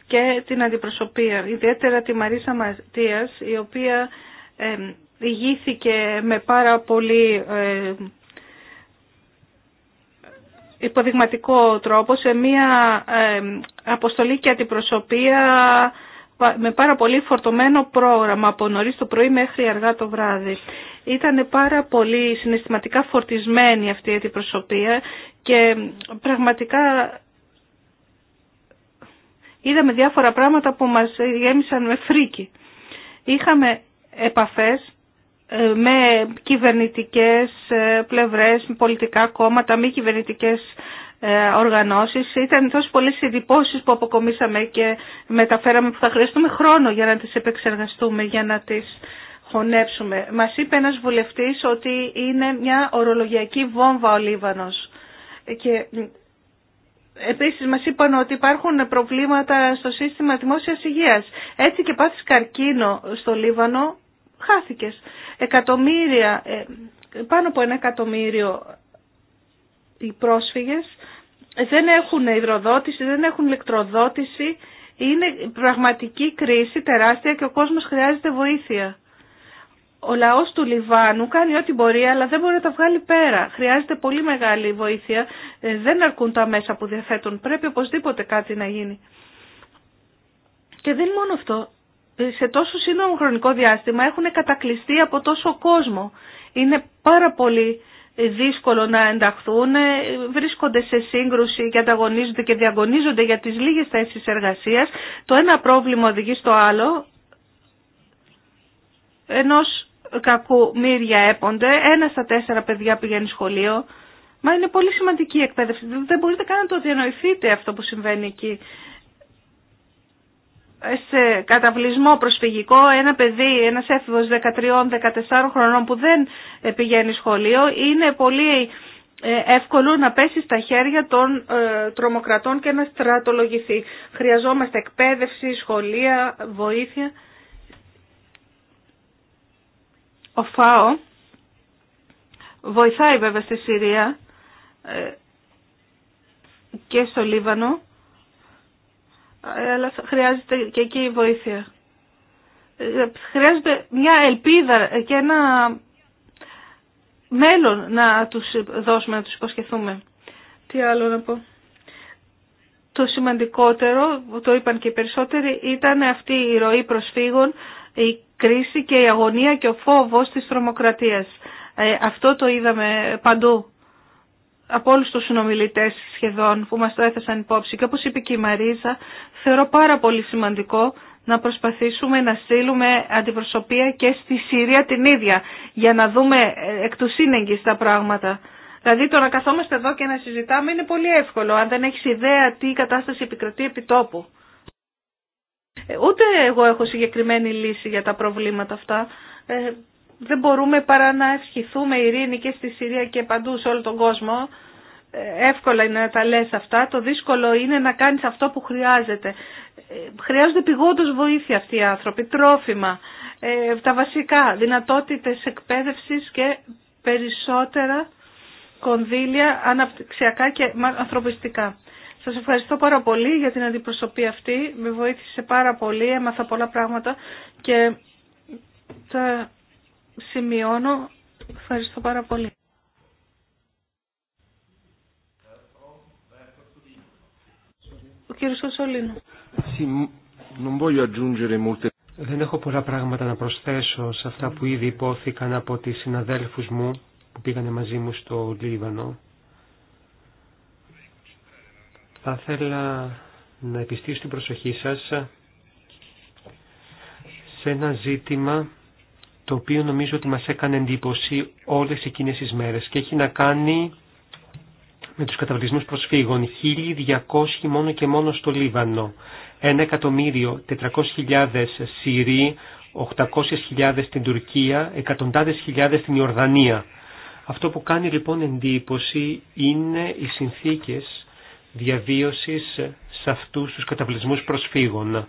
και την αντιπροσωπεία, ιδιαίτερα τη Μαρίσα Ματίας, η οποία ηγήθηκε με πάρα πολύ υποδειγματικό τρόπο σε μια αποστολή και αντιπροσωπεία με πάρα πολύ φορτωμένο πρόγραμμα από νωρίς το πρωί μέχρι αργά το βράδυ. Ήταν πάρα πολύ συναισθηματικά φορτισμένη αυτή η αντιπροσωπεία και πραγματικά είδαμε διάφορα πράγματα που μας γέμισαν με φρίκι. Είχαμε επαφές ε, με κυβερνητικές ε, πλευρές, με πολιτικά κόμματα, μη κυβερνητικές ε, οργανώσεις. Ήταν τόσο πολλές εντυπώσεις που αποκομίσαμε και μεταφέραμε που θα χρειαστούμε χρόνο για να τις επεξεργαστούμε, για να τις χωνέψουμε. Μας είπε ένας βουλευτής ότι είναι μια ορολογιακή βόμβα ο Λίβανος. Και επίσης μας είπαν ότι υπάρχουν προβλήματα στο σύστημα δημόσιας υγείας. Έτσι και πάθεις καρκίνο στο Λίβανο, χάθηκες. Εκατομμύρια, ε, πάνω από ένα εκατομμύριο οι πρόσφυγες δεν έχουν υδροδότηση, δεν έχουν ηλεκτροδότηση. Είναι πραγματική κρίση τεράστια και ο κόσμος χρειάζεται βοήθεια. Ο λαός του Λιβάνου κάνει ό,τι μπορεί, αλλά δεν μπορεί να τα βγάλει πέρα. Χρειάζεται πολύ μεγάλη βοήθεια. Ε, δεν αρκούν τα μέσα που διαθέτουν. Πρέπει οπωσδήποτε κάτι να γίνει. Και δεν μόνο αυτό. Ε, σε τόσο σύντομο χρονικό διάστημα έχουν κατακλειστεί από τόσο κόσμο. Είναι πάρα πολύ ε, δύσκολο να ενταχθούν, βρίσκονται σε σύγκρουση και ανταγωνίζονται και διαγωνίζονται για τις λίγες θέσει εργασίας. Το ένα πρόβλημα οδηγεί στο άλλο, ενός μύρια έπονται, ένα στα τέσσερα παιδιά πηγαίνει σχολείο. Μα είναι πολύ σημαντική η εκπαίδευση. Δεν μπορείτε καν να το διανοηθείτε αυτό που συμβαίνει εκεί. Σε καταβλισμό προσφυγικό ένα παιδί, ένας έφηβος 13-14 χρονών που δεν ε, πηγαίνει σχολείο είναι πολύ ε, εύκολο να πέσει στα χέρια των ε, τρομοκρατών και να στρατολογηθεί. Χρειαζόμαστε εκπαίδευση, σχολεία, βοήθεια. Ο ΦΑΟ βοηθάει βέβαια στη Συρία ε, και στο Λίβανο, ε, αλλά χρειάζεται και εκεί η βοήθεια. Ε, χρειάζεται μια ελπίδα και ένα μέλλον να τους δώσουμε, να τους υποσχεθούμε. Τι άλλο να πω. Το σημαντικότερο, το είπαν και οι περισσότεροι, ήταν αυτή η ροή προσφύγων, η κρίση και η αγωνία και ο φόβος της τρομοκρατίας. Ε, αυτό το είδαμε παντού από όλους τους συνομιλητές σχεδόν που μας το έθεσαν υπόψη. Και όπως είπε και η Μαρίζα, θεωρώ πάρα πολύ σημαντικό να προσπαθήσουμε να στείλουμε αντιπροσωπεία και στη Συρία την ίδια, για να δούμε ε, εκ του σύνεγγυς τα πράγματα. Δηλαδή το να καθόμαστε εδώ και να συζητάμε είναι πολύ εύκολο, αν δεν έχεις ιδέα τι κατάσταση επικρατεί επί τόπου. Ούτε εγώ έχω συγκεκριμένη λύση για τα προβλήματα αυτά. Ε, δεν μπορούμε παρά να ευχηθούμε ειρήνη και στη Συρία και παντού σε όλο τον κόσμο. Ε, εύκολα είναι να τα λες αυτά. Το δύσκολο είναι να κάνεις αυτό που χρειάζεται. Ε, χρειάζονται πηγόντως βοήθεια αυτοί οι άνθρωποι, τρόφιμα, τα βασικά, δυνατότητες εκπαίδευση και περισσότερα κονδύλια αναπτυξιακά και ανθρωπιστικά. Σας ευχαριστώ πάρα πολύ για την αντιπροσωπή αυτή. Με βοήθησε πάρα πολύ, έμαθα πολλά πράγματα και τα σημειώνω. Ευχαριστώ πάρα πολύ. Ο κύριος Δεν έχω πολλά πράγματα να προσθέσω σε αυτά που ήδη υπόθηκαν από τις συναδέλφους μου που πήγανε μαζί μου στο Λίβανο. Θα ήθελα να επιστήσω την προσοχή σας σε ένα ζήτημα το οποίο νομίζω ότι μας έκανε εντύπωση όλες εκείνες τις μέρες και έχει να κάνει με τους καταβλισμούς προσφύγων. 1.200 μόνο και μόνο στο Λίβανο. 1.400.000 Σύριοι, 800.000 στην Τουρκία, εκατοντάδες χιλιάδες στην Ιορδανία. Αυτό που κάνει λοιπόν εντύπωση είναι οι συνθήκες διαβίωσης σε αυτούς τους καταβλισμούς προσφύγων.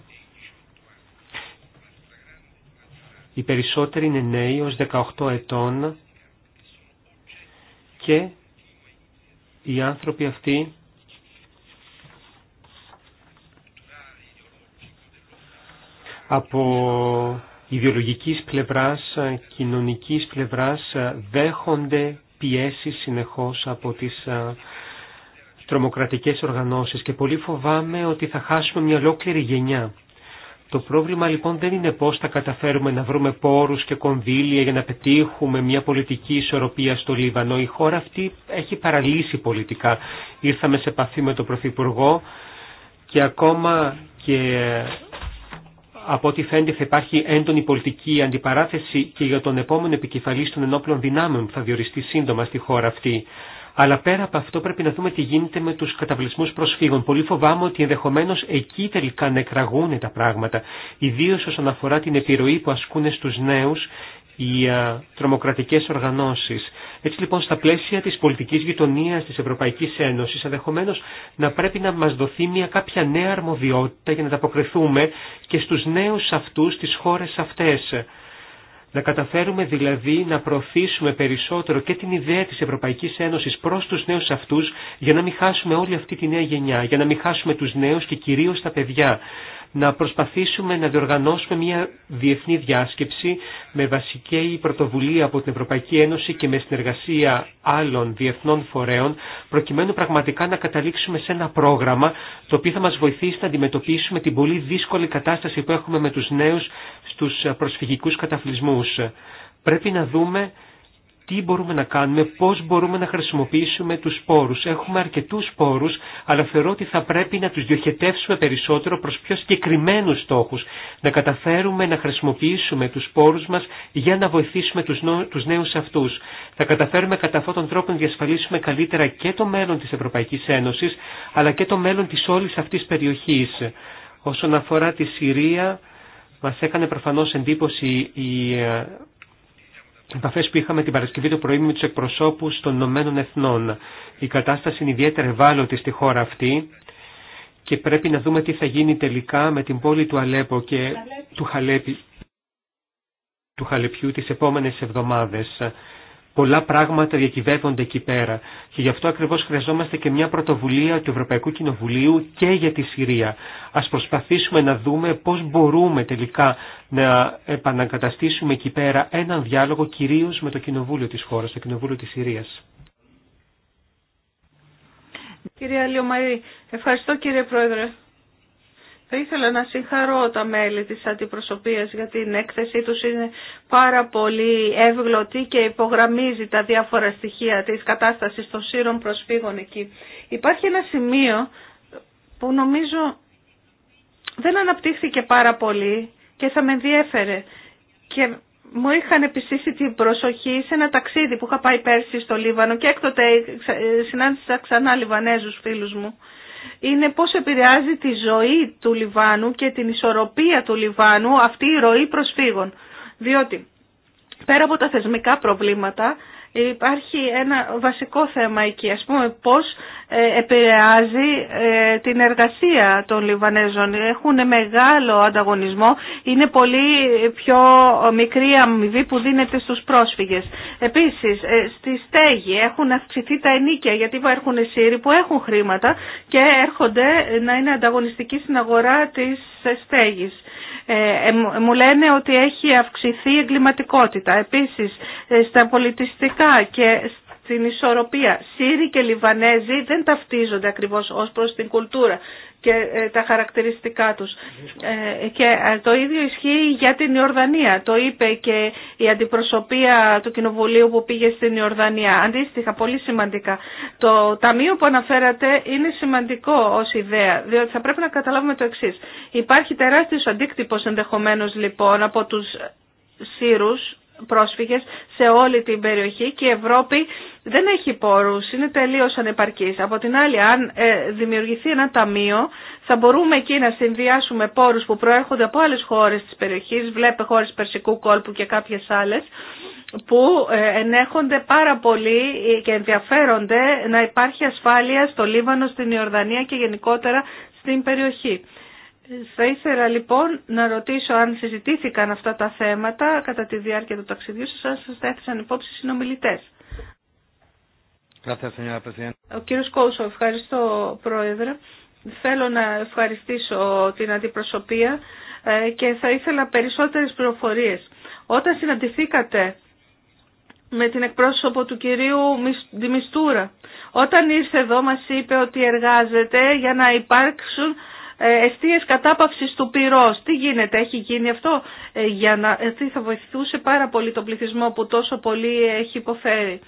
Οι περισσότεροι είναι νέοι ως 18 ετών και οι άνθρωποι αυτοί από ιδεολογικής πλευράς, κοινωνικής πλευράς δέχονται πιέσεις συνεχώς από τις τρομοκρατικές οργανώσεις και πολύ φοβάμαι ότι θα χάσουμε μια ολόκληρη γενιά. Το πρόβλημα λοιπόν δεν είναι πώς θα καταφέρουμε να βρούμε πόρους και κονδύλια για να πετύχουμε μια πολιτική ισορροπία στο Λίβανο. Η χώρα αυτή έχει παραλύσει πολιτικά. Ήρθαμε σε επαφή με τον Πρωθυπουργό και ακόμα και από ό,τι φαίνεται θα υπάρχει έντονη πολιτική αντιπαράθεση και για τον επόμενο επικεφαλής των ενόπλων δυνάμεων που θα διοριστεί σύντομα στη χώρα αυτή. Αλλά πέρα από αυτό πρέπει να δούμε τι γίνεται με τους καταβλισμούς προσφύγων. Πολύ φοβάμαι ότι ενδεχομένως εκεί τελικά νεκραγούν τα πράγματα, ιδίως όσον αφορά την επιρροή που ασκούν στους νέους οι α, τρομοκρατικές οργανώσεις. Έτσι λοιπόν στα πλαίσια της πολιτικής γειτονίας της Ευρωπαϊκής Ένωσης ενδεχομένω να πρέπει να μας δοθεί μια κάποια νέα αρμοδιότητα για να τα αποκριθούμε και στους νέους αυτούς τις χώρες αυτές. Να καταφέρουμε δηλαδή να προωθήσουμε περισσότερο και την ιδέα της Ευρωπαϊκής Ένωσης προς τους νέους αυτούς για να μην χάσουμε όλη αυτή τη νέα γενιά, για να μην χάσουμε τους νέους και κυρίως τα παιδιά. Να προσπαθήσουμε να διοργανώσουμε μια διεθνή διάσκεψη με βασική πρωτοβουλία από την Ευρωπαϊκή Ένωση και με συνεργασία άλλων διεθνών φορέων προκειμένου πραγματικά να καταλήξουμε σε ένα πρόγραμμα το οποίο θα μας βοηθήσει να αντιμετωπίσουμε την πολύ δύσκολη κατάσταση που έχουμε με τους νέους στους προσφυγικούς καταφλισμούς. Πρέπει να δούμε τι μπορούμε να κάνουμε, πώς μπορούμε να χρησιμοποιήσουμε τους σπόρους. Έχουμε αρκετούς σπόρους, αλλά θεωρώ ότι θα πρέπει να τους διοχετεύσουμε περισσότερο προς πιο συγκεκριμένους στόχους. Να καταφέρουμε να χρησιμοποιήσουμε τους σπόρους μας για να βοηθήσουμε τους, νο... τους νέους αυτούς. Θα καταφέρουμε κατά αυτόν τον τρόπο να διασφαλίσουμε καλύτερα και το μέλλον της Ευρωπαϊκής Ένωσης, αλλά και το μέλλον της όλης αυτής περιοχής. Όσον αφορά τη Συρία, μας έκανε προφανώς εντύπωση οι ε, επαφέ που είχαμε την Παρασκευή το πρωί με του εκπροσώπου των Ηνωμένων Εθνών. Η κατάσταση είναι ιδιαίτερα ευάλωτη στη χώρα αυτή και πρέπει να δούμε τι θα γίνει τελικά με την πόλη του Αλέπο και του του Χαλεπιού τις επόμενες εβδομάδες πολλά πράγματα διακυβεύονται εκεί πέρα. Και γι' αυτό ακριβώς χρειαζόμαστε και μια πρωτοβουλία του Ευρωπαϊκού Κοινοβουλίου και για τη Συρία. Ας προσπαθήσουμε να δούμε πώς μπορούμε τελικά να επανακαταστήσουμε εκεί πέρα έναν διάλογο κυρίως με το Κοινοβούλιο της χώρας, το Κοινοβούλιο της Συρίας. Κυρία Λιωμαρή, ευχαριστώ κύριε Πρόεδρε. Θα ήθελα να συγχαρώ τα μέλη της αντιπροσωπείας για την έκθεσή τους είναι πάρα πολύ εύγλωτη και υπογραμμίζει τα διάφορα στοιχεία της κατάστασης των σύρων προσφύγων εκεί. Υπάρχει ένα σημείο που νομίζω δεν αναπτύχθηκε πάρα πολύ και θα με ενδιέφερε και μου είχαν επιστήσει την προσοχή σε ένα ταξίδι που είχα πάει πέρσι στο Λίβανο και έκτοτε συνάντησα ξανά Λιβανέζους φίλους μου είναι πώς επηρεάζει τη ζωή του Λιβάνου και την ισορροπία του Λιβάνου αυτή η ροή προσφύγων. Διότι πέρα από τα θεσμικά προβλήματα Υπάρχει ένα βασικό θέμα εκεί, ας πούμε, πώς ε, επηρεάζει ε, την εργασία των Λιβανέζων. Έχουν μεγάλο ανταγωνισμό, είναι πολύ πιο μικρή αμοιβή που δίνεται στους πρόσφυγες. Επίσης, ε, στη στέγη έχουν αυξηθεί τα ενίκια, γιατί έρχονται Σύριοι που έχουν χρήματα και έρχονται να είναι ανταγωνιστικοί στην αγορά της στέγης. Ε, ε, ε, μου λένε ότι έχει αυξηθεί η εγκληματικότητα. Επίσης, στα πολιτιστικά και στην ισορροπία. Σύριοι και Λιβανέζοι δεν ταυτίζονται ακριβώς ως προς την κουλτούρα και ε, τα χαρακτηριστικά τους. Ε, και ε, το ίδιο ισχύει για την Ιορδανία. Το είπε και η αντιπροσωπεία του Κοινοβουλίου που πήγε στην Ιορδανία. Αντίστοιχα, πολύ σημαντικά. Το ταμείο που αναφέρατε είναι σημαντικό ως ιδέα, διότι θα πρέπει να καταλάβουμε το εξής. Υπάρχει τεράστιος αντίκτυπος ενδεχομένως λοιπόν από τους Σύρους πρόσφυγες σε όλη την περιοχή και η Ευρώπη δεν έχει πόρου, είναι τελείως ανεπαρκής. Από την άλλη, αν ε, δημιουργηθεί ένα ταμείο, θα μπορούμε εκεί να συνδυάσουμε πόρου που προέρχονται από άλλε χώρε τη περιοχή, βλέπε χώρε Περσικού κόλπου και κάποιε άλλε, που ε, ενέχονται πάρα πολύ ε, και ενδιαφέρονται να υπάρχει ασφάλεια στο Λίβανο, στην Ιορδανία και γενικότερα στην περιοχή. Θα ήθελα λοιπόν να ρωτήσω αν συζητήθηκαν αυτά τα θέματα κατά τη διάρκεια του ταξιδιού σας, αν σας τα έθεσαν υπόψη συνομιλητές. Ο κύριο Κόουσο, ευχαριστώ πρόεδρε. Θέλω να ευχαριστήσω την αντιπροσωπεία ε, και θα ήθελα περισσότερες πληροφορίες. Όταν συναντηθήκατε με την εκπρόσωπο του κυρίου Δημιστούρα, όταν ήρθε εδώ μας είπε ότι εργάζεται για να υπάρξουν εστίες κατάπαυσης του πυρός. Τι γίνεται, έχει γίνει αυτό, ε, για να, ε, θα βοηθούσε πάρα πολύ τον πληθυσμό που τόσο πολύ έχει υποφέρει.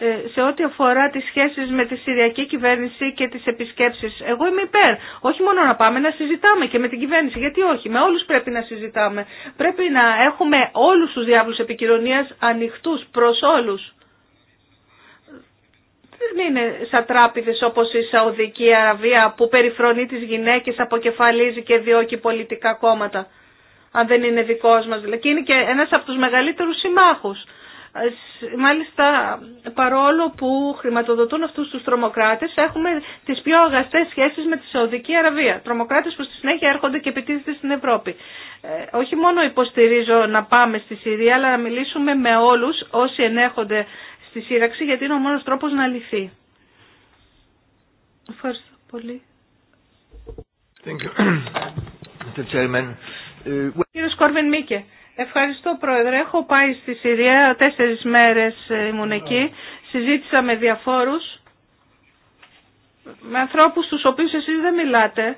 Ε, σε ό,τι αφορά τις σχέσεις με τη Συριακή κυβέρνηση και τις επισκέψεις. Εγώ είμαι υπέρ. Όχι μόνο να πάμε, να συζητάμε και με την κυβέρνηση. Γιατί όχι, με όλους πρέπει να συζητάμε. Πρέπει να έχουμε όλους τους διάβλους επικοινωνίας ανοιχτούς προς όλους. Δεν είναι σαν τράπηδες όπως η Σαουδική Αραβία που περιφρονεί τις γυναίκες, αποκεφαλίζει και διώκει πολιτικά κόμματα. Αν δεν είναι δικός μας. Δηλαδή. Και είναι και ένας από τους μεγαλύτερους συμμάχους μάλιστα παρόλο που χρηματοδοτούν αυτού του τρομοκράτε, έχουμε τι πιο αγαστέ σχέσει με τη Σαουδική Αραβία. Τρομοκράτε που στη συνέχεια έρχονται και επιτίθεται στην Ευρώπη. Ε, όχι μόνο υποστηρίζω να πάμε στη Συρία αλλά να μιλήσουμε με όλου όσοι ενέχονται στη σύραξη γιατί είναι ο μόνο τρόπο να λυθεί. Ευχαριστώ πολύ. Ε, Μίκε. Ευχαριστώ Πρόεδρε. Έχω πάει στη Συρία, τέσσερις μέρες ε, ήμουν εκεί. Συζήτησα με διαφόρους, με ανθρώπους τους οποίους εσείς δεν μιλάτε.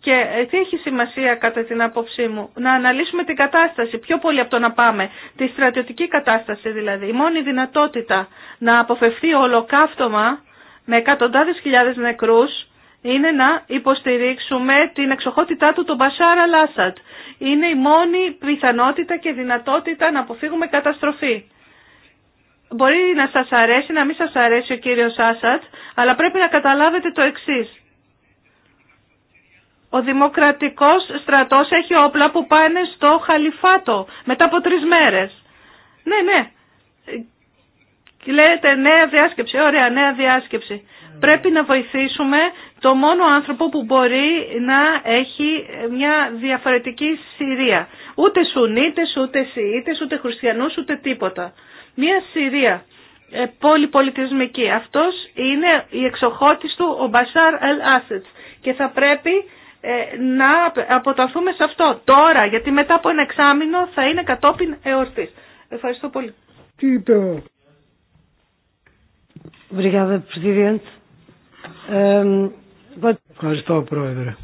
Και ε, τι έχει σημασία κατά την άποψή μου, να αναλύσουμε την κατάσταση πιο πολύ από το να πάμε, τη στρατιωτική κατάσταση δηλαδή. Η μόνη δυνατότητα να αποφευθεί ολοκαύτωμα με εκατοντάδες χιλιάδες νεκρούς είναι να υποστηρίξουμε την εξοχότητά του τον Μπασάρα Λάσατ. Είναι η μόνη πιθανότητα και δυνατότητα να αποφύγουμε καταστροφή. Μπορεί να σας αρέσει, να μην σας αρέσει ο κύριος Άσατ, αλλά πρέπει να καταλάβετε το εξής. Ο δημοκρατικός στρατός έχει όπλα που πάνε στο χαλιφάτο μετά από τρεις μέρες. Ναι, ναι. Λέτε νέα διάσκεψη. Ωραία, νέα διάσκεψη πρέπει να βοηθήσουμε το μόνο άνθρωπο που μπορεί να έχει μια διαφορετική Συρία. Ούτε Σουνίτες, ούτε Σιήτες, ούτε Χριστιανούς, ούτε τίποτα. Μια Συρία ε, πολυπολιτισμική. Αυτός είναι η εξοχότης του ο Μπασάρ Ελ Άσετς και θα πρέπει ε, να αποταθούμε σε αυτό τώρα, γιατί μετά από ένα εξάμεινο θα είναι κατόπιν εορτής. Ευχαριστώ πολύ. Τι είπε Ευχαριστώ Πρόεδρε.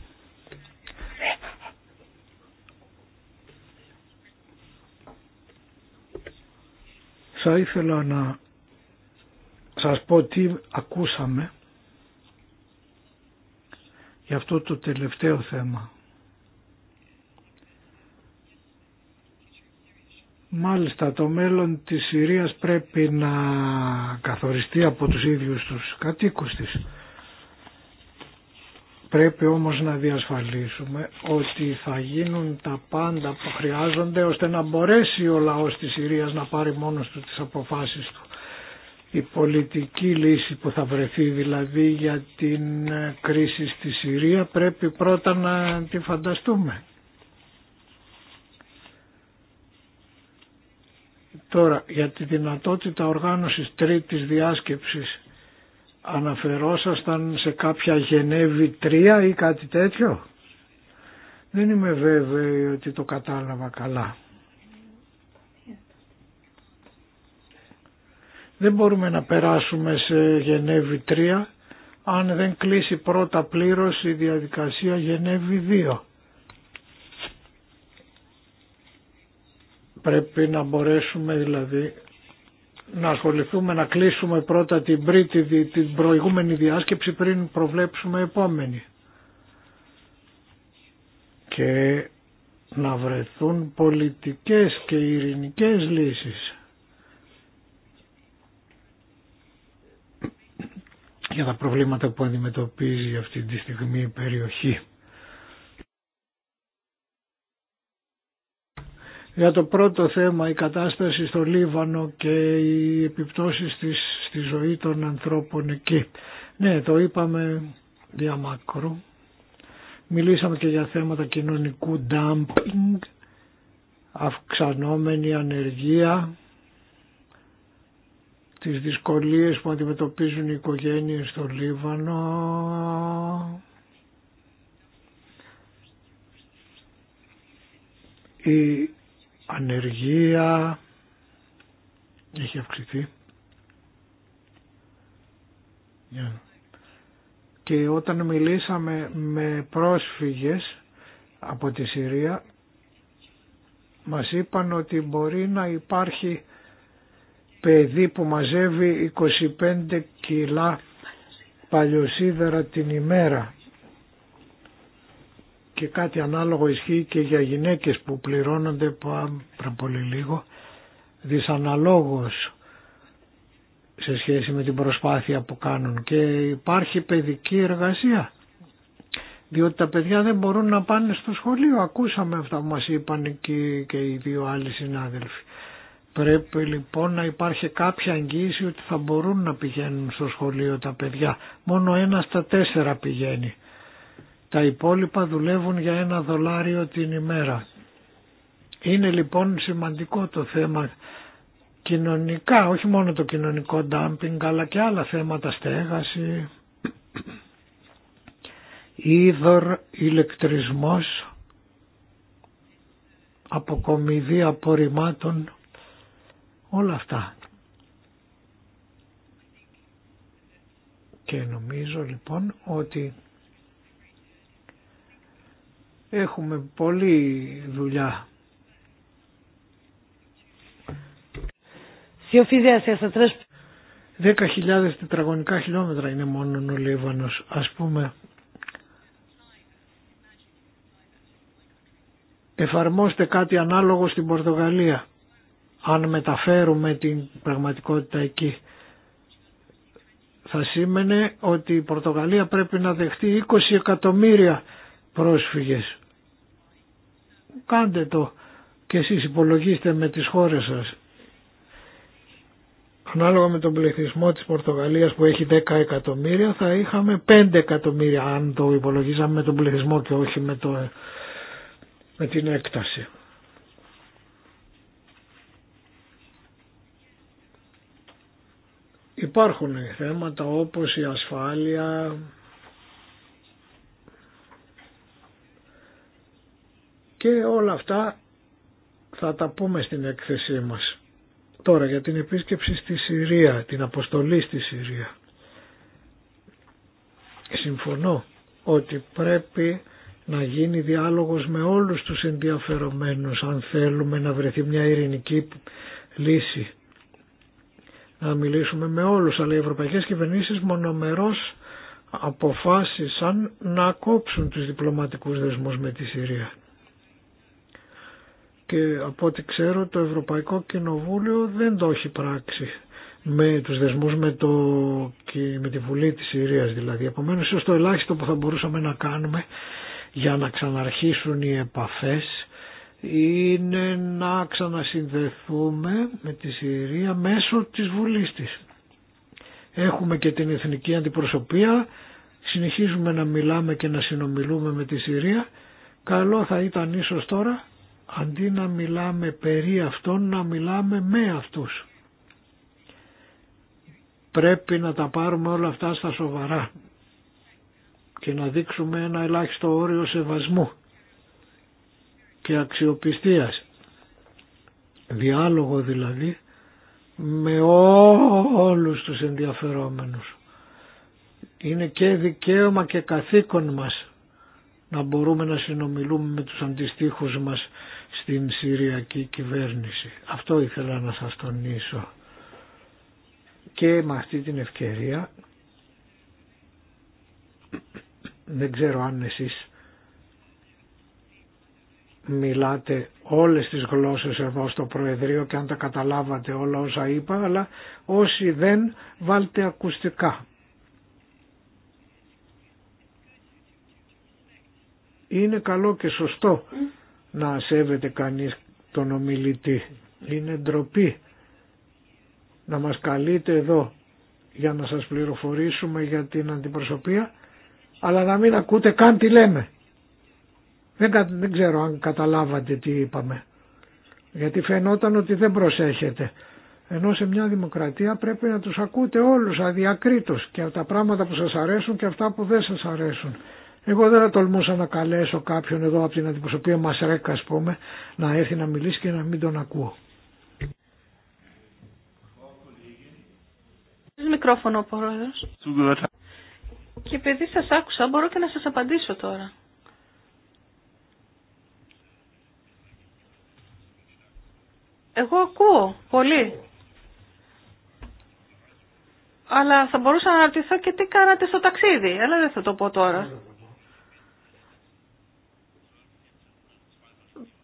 Θα ήθελα να σας πω τι ακούσαμε για αυτό το τελευταίο θέμα. Μάλιστα το μέλλον της Συρίας πρέπει να καθοριστεί από τους ίδιους τους κατοίκους της. Πρέπει όμως να διασφαλίσουμε ότι θα γίνουν τα πάντα που χρειάζονται ώστε να μπορέσει ο λαός της Συρίας να πάρει μόνος του τις αποφάσεις του. Η πολιτική λύση που θα βρεθεί δηλαδή για την ε, κρίση στη Συρία πρέπει πρώτα να τη φανταστούμε. Τώρα για τη δυνατότητα οργάνωσης τρίτης διάσκεψης αναφερόσασταν σε κάποια Γενέβη 3 ή κάτι τέτοιο. Δεν είμαι βέβαιη ότι το κατάλαβα καλά. Δεν μπορούμε να περάσουμε σε Γενέβη 3 αν δεν κλείσει πρώτα πλήρως η διαδικασία Γενέβη 2. Πρέπει να μπορέσουμε δηλαδή να ασχοληθούμε να κλείσουμε πρώτα την, την προηγούμενη διάσκεψη πριν προβλέψουμε επόμενη και να βρεθούν πολιτικές και ειρηνικές λύσεις για τα προβλήματα που αντιμετωπίζει αυτή τη στιγμή η περιοχή. Για το πρώτο θέμα η κατάσταση στο Λίβανο και οι επιπτώσεις της, στη ζωή των ανθρώπων εκεί. Ναι, το είπαμε διαμακρού. Μιλήσαμε και για θέματα κοινωνικού dumping, αυξανόμενη ανεργία, τις δυσκολίες που αντιμετωπίζουν οι οικογένειες στο Λίβανο. Η ανεργία έχει αυξηθεί. Και όταν μιλήσαμε με πρόσφυγες από τη Συρία μας είπαν ότι μπορεί να υπάρχει παιδί που μαζεύει 25 κιλά παλιοσίδερα την ημέρα και κάτι ανάλογο ισχύει και για γυναίκες που πληρώνονται πριν πολύ λίγο δυσαναλόγως σε σχέση με την προσπάθεια που κάνουν και υπάρχει παιδική εργασία διότι τα παιδιά δεν μπορούν να πάνε στο σχολείο ακούσαμε αυτά που μας είπαν και, και οι δύο άλλοι συνάδελφοι πρέπει λοιπόν να υπάρχει κάποια αγγίση ότι θα μπορούν να πηγαίνουν στο σχολείο τα παιδιά μόνο ένα στα τέσσερα πηγαίνει τα υπόλοιπα δουλεύουν για ένα δολάριο την ημέρα. Είναι λοιπόν σημαντικό το θέμα κοινωνικά, όχι μόνο το κοινωνικό ντάμπινγκ αλλά και άλλα θέματα στέγαση, είδωρ, ηλεκτρισμός, αποκομιδή απορριμμάτων, όλα αυτά. Και νομίζω λοιπόν ότι Έχουμε πολλή δουλειά. 10.000 10.000 τετραγωνικά χιλιόμετρα είναι μόνο ο Λίβανος. Ας πούμε, εφαρμόστε κάτι ανάλογο στην Πορτογαλία. Αν μεταφέρουμε την πραγματικότητα εκεί θα σήμαινε ότι η Πορτογαλία πρέπει να δεχτεί 20 εκατομμύρια πρόσφυγες κάντε το και εσείς υπολογίστε με τις χώρες σας. Ανάλογα με τον πληθυσμό της Πορτογαλίας που έχει 10 εκατομμύρια θα είχαμε 5 εκατομμύρια αν το υπολογίζαμε με τον πληθυσμό και όχι με, με την έκταση. Υπάρχουν θέματα όπως η ασφάλεια, Και όλα αυτά θα τα πούμε στην έκθεσή μας. Τώρα για την επίσκεψη στη Συρία, την αποστολή στη Συρία. Συμφωνώ ότι πρέπει να γίνει διάλογος με όλους τους ενδιαφερομένους αν θέλουμε να βρεθεί μια ειρηνική λύση. Να μιλήσουμε με όλους, αλλά οι ευρωπαϊκές κυβερνήσεις μονομερώς αποφάσισαν να κόψουν τους διπλωματικούς δεσμούς με τη Συρία και από ό,τι ξέρω το Ευρωπαϊκό Κοινοβούλιο δεν το έχει πράξει με τους δεσμούς με, το, και με τη Βουλή της Συρίας δηλαδή. Επομένως ίσως το ελάχιστο που θα μπορούσαμε να κάνουμε για να ξαναρχίσουν οι επαφές είναι να ξανασυνδεθούμε με τη Συρία μέσω της Βουλής της. Έχουμε και την Εθνική Αντιπροσωπεία, συνεχίζουμε να μιλάμε και να συνομιλούμε με τη Συρία. Καλό θα ήταν ίσως τώρα αντί να μιλάμε περί αυτών να μιλάμε με αυτούς. Πρέπει να τα πάρουμε όλα αυτά στα σοβαρά και να δείξουμε ένα ελάχιστο όριο σεβασμού και αξιοπιστίας. Διάλογο δηλαδή με όλους τους ενδιαφερόμενους. Είναι και δικαίωμα και καθήκον μας να μπορούμε να συνομιλούμε με τους αντιστοίχους μας στην Συριακή κυβέρνηση. Αυτό ήθελα να σας τονίσω. Και με αυτή την ευκαιρία δεν ξέρω αν εσείς μιλάτε όλες τις γλώσσες εδώ στο Προεδρείο και αν τα καταλάβατε όλα όσα είπα, αλλά όσοι δεν βάλτε ακουστικά. Είναι καλό και σωστό να σέβεται κανείς τον ομιλητή. Είναι ντροπή να μας καλείτε εδώ για να σας πληροφορήσουμε για την αντιπροσωπεία αλλά να μην ακούτε καν τι λέμε. Δεν, δεν ξέρω αν καταλάβατε τι είπαμε. Γιατί φαινόταν ότι δεν προσέχετε. Ενώ σε μια δημοκρατία πρέπει να τους ακούτε όλους αδιακρίτως και από τα πράγματα που σας αρέσουν και αυτά που δεν σας αρέσουν. Εγώ δεν θα τολμούσα να καλέσω κάποιον εδώ από την αντιπροσωπεία μας ρέκα ας πούμε να έρθει να μιλήσει και να μην τον ακούω. Μικρόφωνο Και επειδή σας άκουσα μπορώ και να σας απαντήσω τώρα. Εγώ ακούω πολύ. Αλλά θα μπορούσα να αναρωτηθώ και τι κάνατε στο ταξίδι. Αλλά δεν θα το πω τώρα.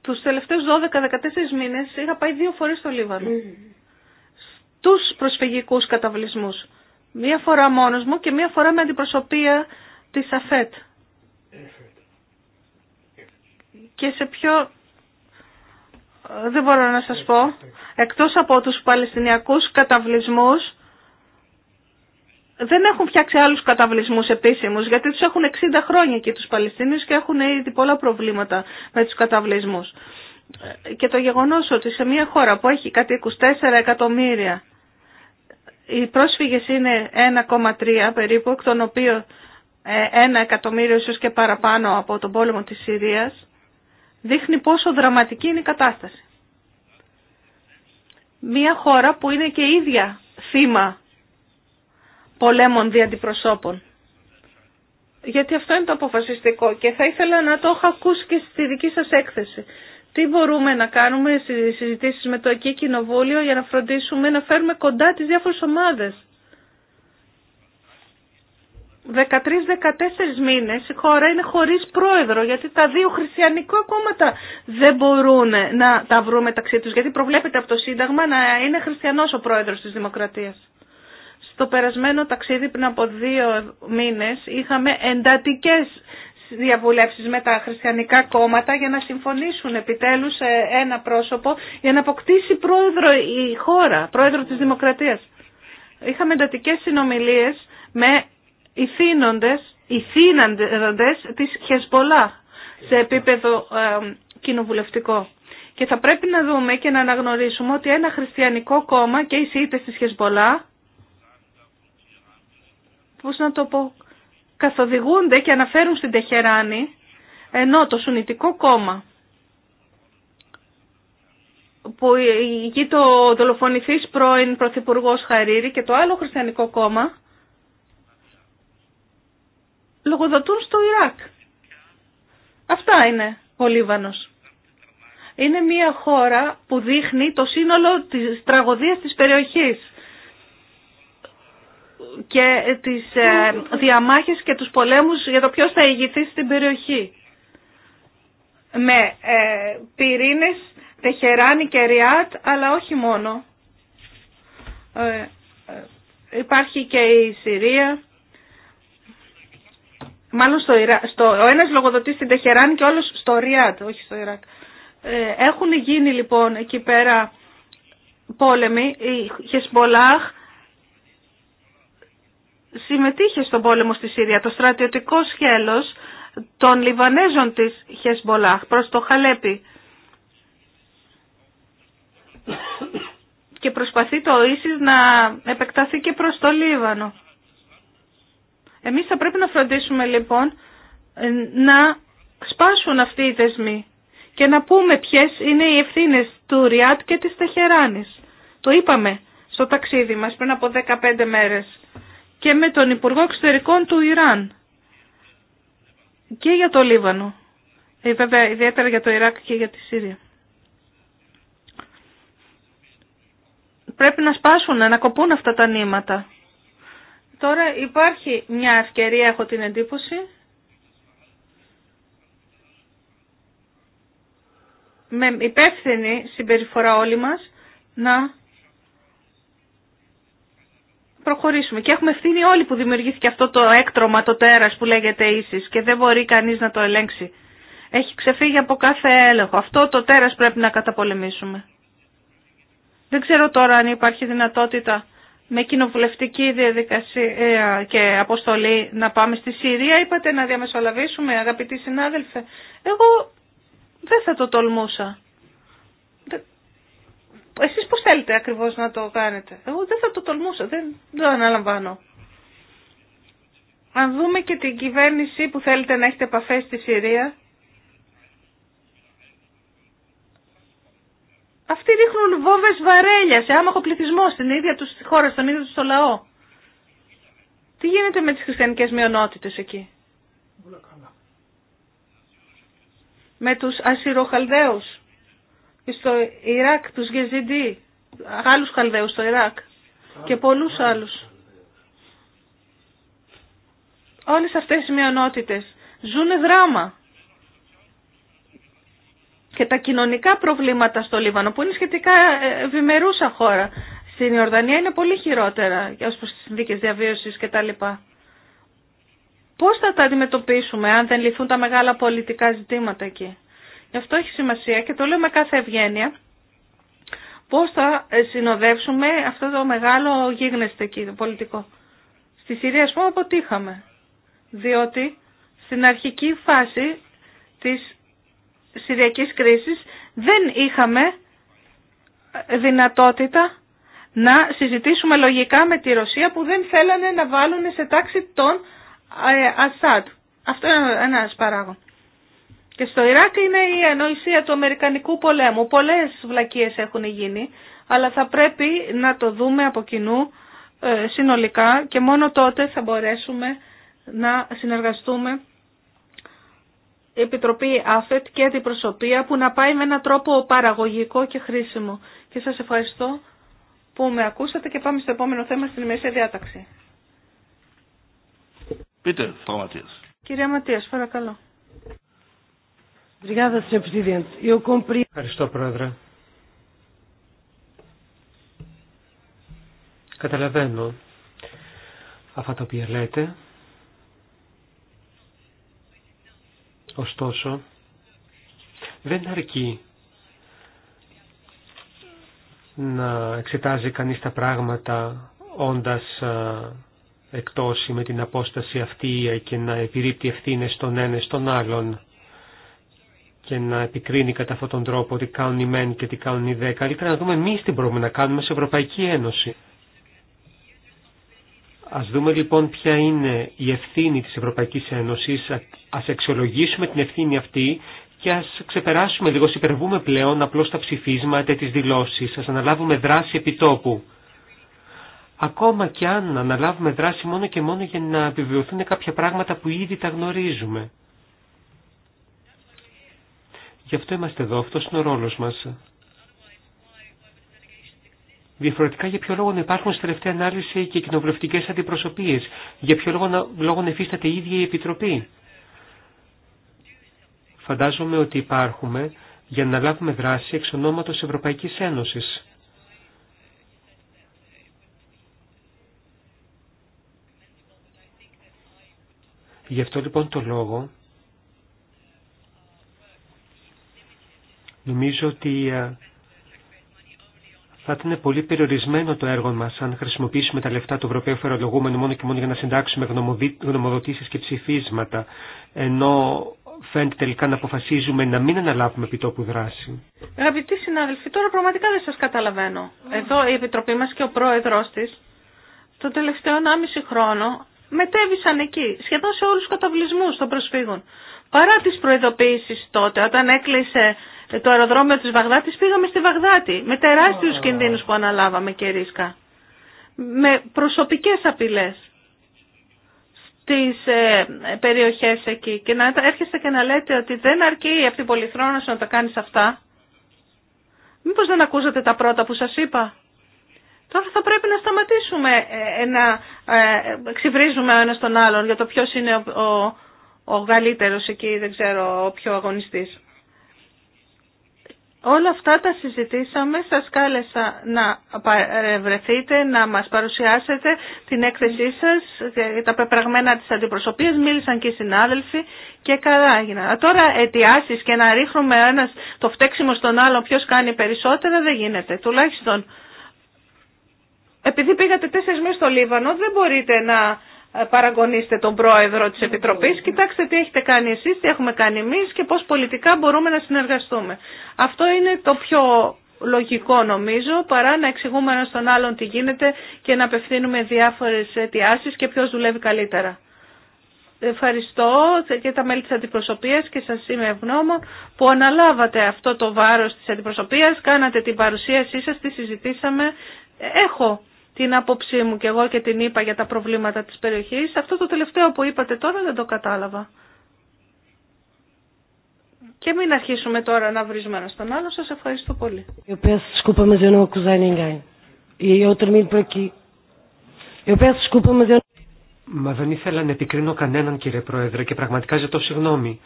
Τους τελευταίους 12-14 μήνες είχα πάει δύο φορές στο Λίβανο. στους προσφυγικούς καταβλισμούς. Μία φορά μόνος μου και μία φορά με αντιπροσωπεία της ΑΦΕΤ. Και σε πιο... Ε, δεν μπορώ να σας ε, πω. Εκτός από τους Παλαιστινιακούς καταβλισμούς δεν έχουν φτιάξει άλλους καταβλισμού επίσημους, γιατί τους έχουν 60 χρόνια εκεί τους Παλαιστίνιους και έχουν ήδη πολλά προβλήματα με του καταβλισμού. Ε, και το γεγονός ότι σε μια χώρα που έχει κατοίκου 4 εκατομμύρια, οι πρόσφυγες είναι 1,3 περίπου, εκ των οποίων ε, ένα εκατομμύριο ίσως και παραπάνω από τον πόλεμο της Συρίας, δείχνει πόσο δραματική είναι η κατάσταση. Μια χώρα που είναι και ίδια θύμα πολέμων δι' αντιπροσώπων. Γιατί αυτό είναι το αποφασιστικό και θα ήθελα να το έχω ακούσει και στη δική σας έκθεση. Τι μπορούμε να κάνουμε στις συζητήσεις με το εκεί κοινοβούλιο για να φροντίσουμε να φέρουμε κοντά τις διάφορες ομάδες. 13-14 μήνες η χώρα είναι χωρίς πρόεδρο γιατί τα δύο χριστιανικά κόμματα δεν μπορούν να τα βρουν μεταξύ τους γιατί προβλέπεται από το Σύνταγμα να είναι χριστιανός ο πρόεδρος της Δημοκρατίας. Στο περασμένο ταξίδι πριν από δύο μήνες είχαμε εντατικές διαβουλεύσεις με τα χριστιανικά κόμματα για να συμφωνήσουν επιτέλους σε ένα πρόσωπο για να αποκτήσει πρόεδρο η χώρα, πρόεδρο της Δημοκρατίας. Είχαμε εντατικές συνομιλίες με ηθήνοντες, ηθήνοντες της Χεσπολά σε επίπεδο κοινοβουλευτικό. Και θα πρέπει να δούμε και να αναγνωρίσουμε ότι ένα χριστιανικό κόμμα και οι σύντες της Χεσπολά πώς να το πω, καθοδηγούνται και αναφέρουν στην Τεχεράνη, ενώ το Σουνητικό κόμμα που εκεί το δολοφονηθής πρώην Πρωθυπουργό Χαρίρη και το άλλο χριστιανικό κόμμα λογοδοτούν στο Ιράκ. Αυτά είναι ο Λίβανος. Είναι μια χώρα που δείχνει το σύνολο της τραγωδίας της περιοχής και τις ε, διαμάχες και τους πολέμους για το ποιος θα ηγηθεί στην περιοχή. Με ε, πυρήνες, Τεχεράνη και Ριάτ, αλλά όχι μόνο. Ε, ε υπάρχει και η Συρία. Μάλλον στο, ο ένας λογοδοτεί στην Τεχεράνη και όλος στο Ριάτ, όχι στο Ιράκ. Ε, έχουν γίνει λοιπόν εκεί πέρα πόλεμοι. Η Χεσμπολάχ συμμετείχε στον πόλεμο στη Συρία, το στρατιωτικό σχέλος των Λιβανέζων της Χεσμολάχ προς το Χαλέπι. Και προσπαθεί το ίσις να επεκταθεί και προς το Λίβανο. Εμείς θα πρέπει να φροντίσουμε λοιπόν να σπάσουν αυτοί οι δεσμοί και να πούμε ποιες είναι οι ευθύνες του Ριάτ και της Τεχεράνης. Το είπαμε στο ταξίδι μας πριν από 15 μέρες και με τον Υπουργό Εξωτερικών του Ιράν και για το Λίβανο. Ε, βέβαια, ιδιαίτερα για το Ιράκ και για τη Σύρια. Πρέπει να σπάσουν, να κοπούν αυτά τα νήματα. Τώρα υπάρχει μια ευκαιρία, έχω την εντύπωση, με υπεύθυνη συμπεριφορά όλοι μας, να προχωρήσουμε. Και έχουμε ευθύνη όλοι που δημιουργήθηκε αυτό το έκτρωμα, το τέρας που λέγεται ίσης και δεν μπορεί κανείς να το ελέγξει. Έχει ξεφύγει από κάθε έλεγχο. Αυτό το τέρας πρέπει να καταπολεμήσουμε. Δεν ξέρω τώρα αν υπάρχει δυνατότητα με κοινοβουλευτική διαδικασία και αποστολή να πάμε στη Συρία. Είπατε να διαμεσολαβήσουμε αγαπητοί συνάδελφε. Εγώ δεν θα το τολμούσα. Εσείς πώς θέλετε ακριβώς να το κάνετε. Εγώ δεν θα το τολμούσα, δεν το αναλαμβάνω. Αν δούμε και την κυβέρνηση που θέλετε να έχετε επαφέ στη Συρία, αυτοί ρίχνουν βόβες βαρέλια σε άμαχο πληθυσμό στην ίδια τους χώρα, στον ίδιο τους το λαό. Τι γίνεται με τις χριστιανικές μειονότητες εκεί. Με τους ασυροχαλδαίους στο Ιράκ, τους Γεζιντή, άλλους Χαλδαίους στο Ιράκ και πολλούς άλλους. Όλες αυτές οι μειονότητες ζουν δράμα. Και τα κοινωνικά προβλήματα στο Λίβανο, που είναι σχετικά ευημερούσα χώρα, στην Ιορδανία είναι πολύ χειρότερα ως προς τις συνδίκες διαβίωσης λοιπά Πώς θα τα αντιμετωπίσουμε αν δεν λυθούν τα μεγάλα πολιτικά ζητήματα εκεί. Αυτό έχει σημασία και το λέω με κάθε ευγένεια. Πώς θα συνοδεύσουμε αυτό το μεγάλο γίγνεσθε εκεί, το πολιτικό. Στη Συρία, ας πούμε, αποτύχαμε. Διότι στην αρχική φάση της Συριακής κρίσης δεν είχαμε δυνατότητα να συζητήσουμε λογικά με τη Ρωσία που δεν θέλανε να βάλουν σε τάξη τον ε, Ασάντ. Αυτό είναι ένας παράγον. Και στο Ιράκ είναι η ανοησία του Αμερικανικού πολέμου. Πολλές βλακίες έχουν γίνει, αλλά θα πρέπει να το δούμε από κοινού ε, συνολικά και μόνο τότε θα μπορέσουμε να συνεργαστούμε η Επιτροπή ΑΦΕΤ και την προσωπία που να πάει με έναν τρόπο παραγωγικό και χρήσιμο. Και σας ευχαριστώ που με ακούσατε και πάμε στο επόμενο θέμα στην ημερήσια διάταξη. Πείτε, Κυρία Ματίας, παρακαλώ. Ευχαριστώ, Πρόεδρε. Καταλαβαίνω αυτά τα οποία λέτε. Ωστόσο, δεν αρκεί να εξετάζει κανείς τα πράγματα όντας εκτός με την απόσταση αυτή και να επιρρύπτει ευθύνε των ένα των άλλων και να επικρίνει κατά αυτόν τον τρόπο τι κάνουν οι μεν και τι κάνουν οι δε. Καλύτερα να δούμε εμεί τι μπορούμε να κάνουμε σε Ευρωπαϊκή Ένωση. Α δούμε λοιπόν ποια είναι η ευθύνη τη Ευρωπαϊκή Ένωση, α αξιολογήσουμε την ευθύνη αυτή και α ξεπεράσουμε λίγο, ας υπερβούμε πλέον απλώ τα ψηφίσματα, τι δηλώσεις, ας αναλάβουμε δράση επιτόπου. Ακόμα και αν αναλάβουμε δράση μόνο και μόνο για να επιβεβαιωθούν κάποια πράγματα που ήδη τα γνωρίζουμε. Γι' αυτό είμαστε εδώ, αυτός είναι ο ρόλος μας. Διαφορετικά για ποιο λόγο να υπάρχουν στη τελευταία ανάλυση και κοινοβουλευτικέ αντιπροσωπείε, για ποιο λόγο να, λόγο να εφίσταται η ίδια η Επιτροπή. Φαντάζομαι ότι υπάρχουμε για να λάβουμε δράση εξ ονόματο Ευρωπαϊκής Ένωσης. Γι' αυτό λοιπόν το λόγο Νομίζω ότι ε, θα ήταν πολύ περιορισμένο το έργο μας αν χρησιμοποιήσουμε τα λεφτά του Ευρωπαίου Φερολογούμενου μόνο και μόνο για να συντάξουμε γνωμοδοτήσεις και ψηφίσματα, ενώ φαίνεται τελικά να αποφασίζουμε να μην αναλάβουμε επιτόπου δράση. Αγαπητοί συνάδελφοι, τώρα πραγματικά δεν σας καταλαβαίνω. Εδώ η Επιτροπή μας και ο Πρόεδρος τη το τελευταίο 1,5 χρόνο μετέβησαν εκεί, σχεδόν σε όλους του καταβλισμούς των προσφύγων. Παρά τις προειδοποίησεις τότε, όταν έκλεισε το αεροδρόμιο της Βαγδάτης, πήγαμε στη Βαγδάτη με τεράστιους κινδύνους που αναλάβαμε και ρίσκα. Με προσωπικές απειλές στις ε, περιοχές εκεί και να έρχεστε και να λέτε ότι δεν αρκεί αυτή η πολυθρόνα να τα κάνεις αυτά. Μήπως δεν ακούσατε τα πρώτα που σας είπα. Τώρα θα πρέπει να σταματήσουμε ε, ε, να ε, ξυβρίζουμε ο ένας τον άλλον για το ποιος είναι ο, ο, εκεί, δεν ξέρω, ο πιο αγωνιστής. Όλα αυτά τα συζητήσαμε, σας κάλεσα να παρευρεθείτε, να μας παρουσιάσετε την έκθεσή σας, τα πεπραγμένα της αντιπροσωπείας, μίλησαν και οι συνάδελφοι και καλά έγιναν. Τώρα αιτιάσεις και να ρίχνουμε ένας το φταίξιμο στον άλλον ποιος κάνει περισσότερα δεν γίνεται. Τουλάχιστον επειδή πήγατε τέσσερις μέρες στο Λίβανο δεν μπορείτε να παραγωνίστε τον πρόεδρο της Επιτροπής, κοιτάξτε τι έχετε κάνει εσείς, τι έχουμε κάνει εμείς και πώς πολιτικά μπορούμε να συνεργαστούμε. Αυτό είναι το πιο λογικό νομίζω, παρά να εξηγούμε ένα στον άλλον τι γίνεται και να απευθύνουμε διάφορες αιτιάσεις και ποιος δουλεύει καλύτερα. Ευχαριστώ και τα μέλη της αντιπροσωπείας και σας είμαι ευγνώμων που αναλάβατε αυτό το βάρος της αντιπροσωπείας, κάνατε την παρουσίασή σας, τη συζητήσαμε. Έχω την άποψή μου και εγώ και την είπα για τα προβλήματα της περιοχής. Αυτό το τελευταίο που είπατε τώρα δεν το κατάλαβα. Και μην αρχίσουμε τώρα να βρίζουμε ένα στον άλλο. Σας ευχαριστώ πολύ. Eu peço Μα δεν ήθελα να επικρίνω κανέναν κύριε Πρόεδρε και πραγματικά ζητώ συγγνώμη.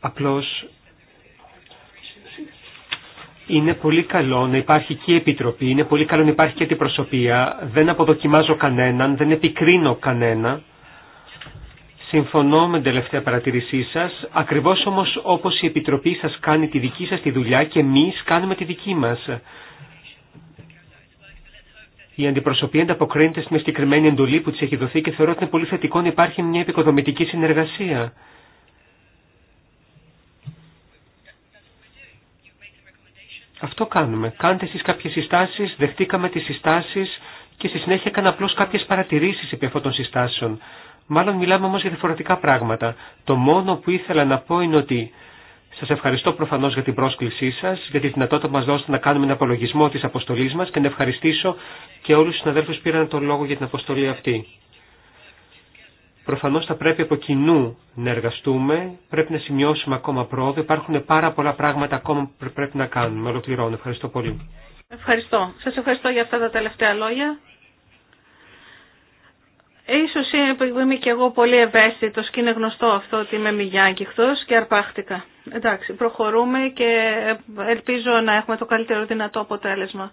Απλώς είναι πολύ καλό να υπάρχει και η Επιτροπή, είναι πολύ καλό να υπάρχει και την προσωπία. Δεν αποδοκιμάζω κανέναν, δεν επικρίνω κανένα. Συμφωνώ με την τελευταία παρατηρήσή σας, ακριβώς όμω όπως η Επιτροπή σας κάνει τη δική σας τη δουλειά και εμείς κάνουμε τη δική μας. Η αντιπροσωπεία ανταποκρίνεται στην συγκεκριμένη εντολή που τη έχει δοθεί και θεωρώ ότι είναι πολύ θετικό να υπάρχει μια επικοδομητική συνεργασία. Αυτό κάνουμε. Κάντε εσείς κάποιες συστάσεις, δεχτήκαμε τις συστάσεις και στη συνέχεια έκανα απλώς κάποιες παρατηρήσεις επί αυτών των συστάσεων. Μάλλον μιλάμε όμως για διαφορετικά πράγματα. Το μόνο που ήθελα να πω είναι ότι σας ευχαριστώ προφανώς για την πρόσκλησή σας, για τη δυνατότητα που μας δώσετε να κάνουμε ένα απολογισμό της αποστολής μας και να ευχαριστήσω και όλους τους συναδέλφους που πήραν τον λόγο για την αποστολή αυτή. Προφανώς θα πρέπει από κοινού να εργαστούμε, πρέπει να σημειώσουμε ακόμα πρόοδο, υπάρχουν πάρα πολλά πράγματα ακόμα που πρέπει να κάνουμε. Ολοκληρώνω. Ευχαριστώ πολύ. Ευχαριστώ. Σας ευχαριστώ για αυτά τα τελευταία λόγια. Ίσως είμαι και εγώ πολύ ευαίσθητος και είναι γνωστό αυτό ότι είμαι μηγιάγκηχτος και αρπάχτηκα. Εντάξει, προχωρούμε και ελπίζω να έχουμε το καλύτερο δυνατό αποτέλεσμα.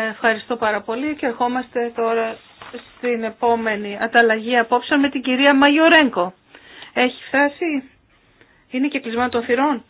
Ε, ευχαριστώ πάρα πολύ και ερχόμαστε τώρα στην επόμενη ανταλλαγή απόψε με την κυρία Μαγιορέγκο. Έχει φτάσει, είναι και κλεισμένο των θυρών.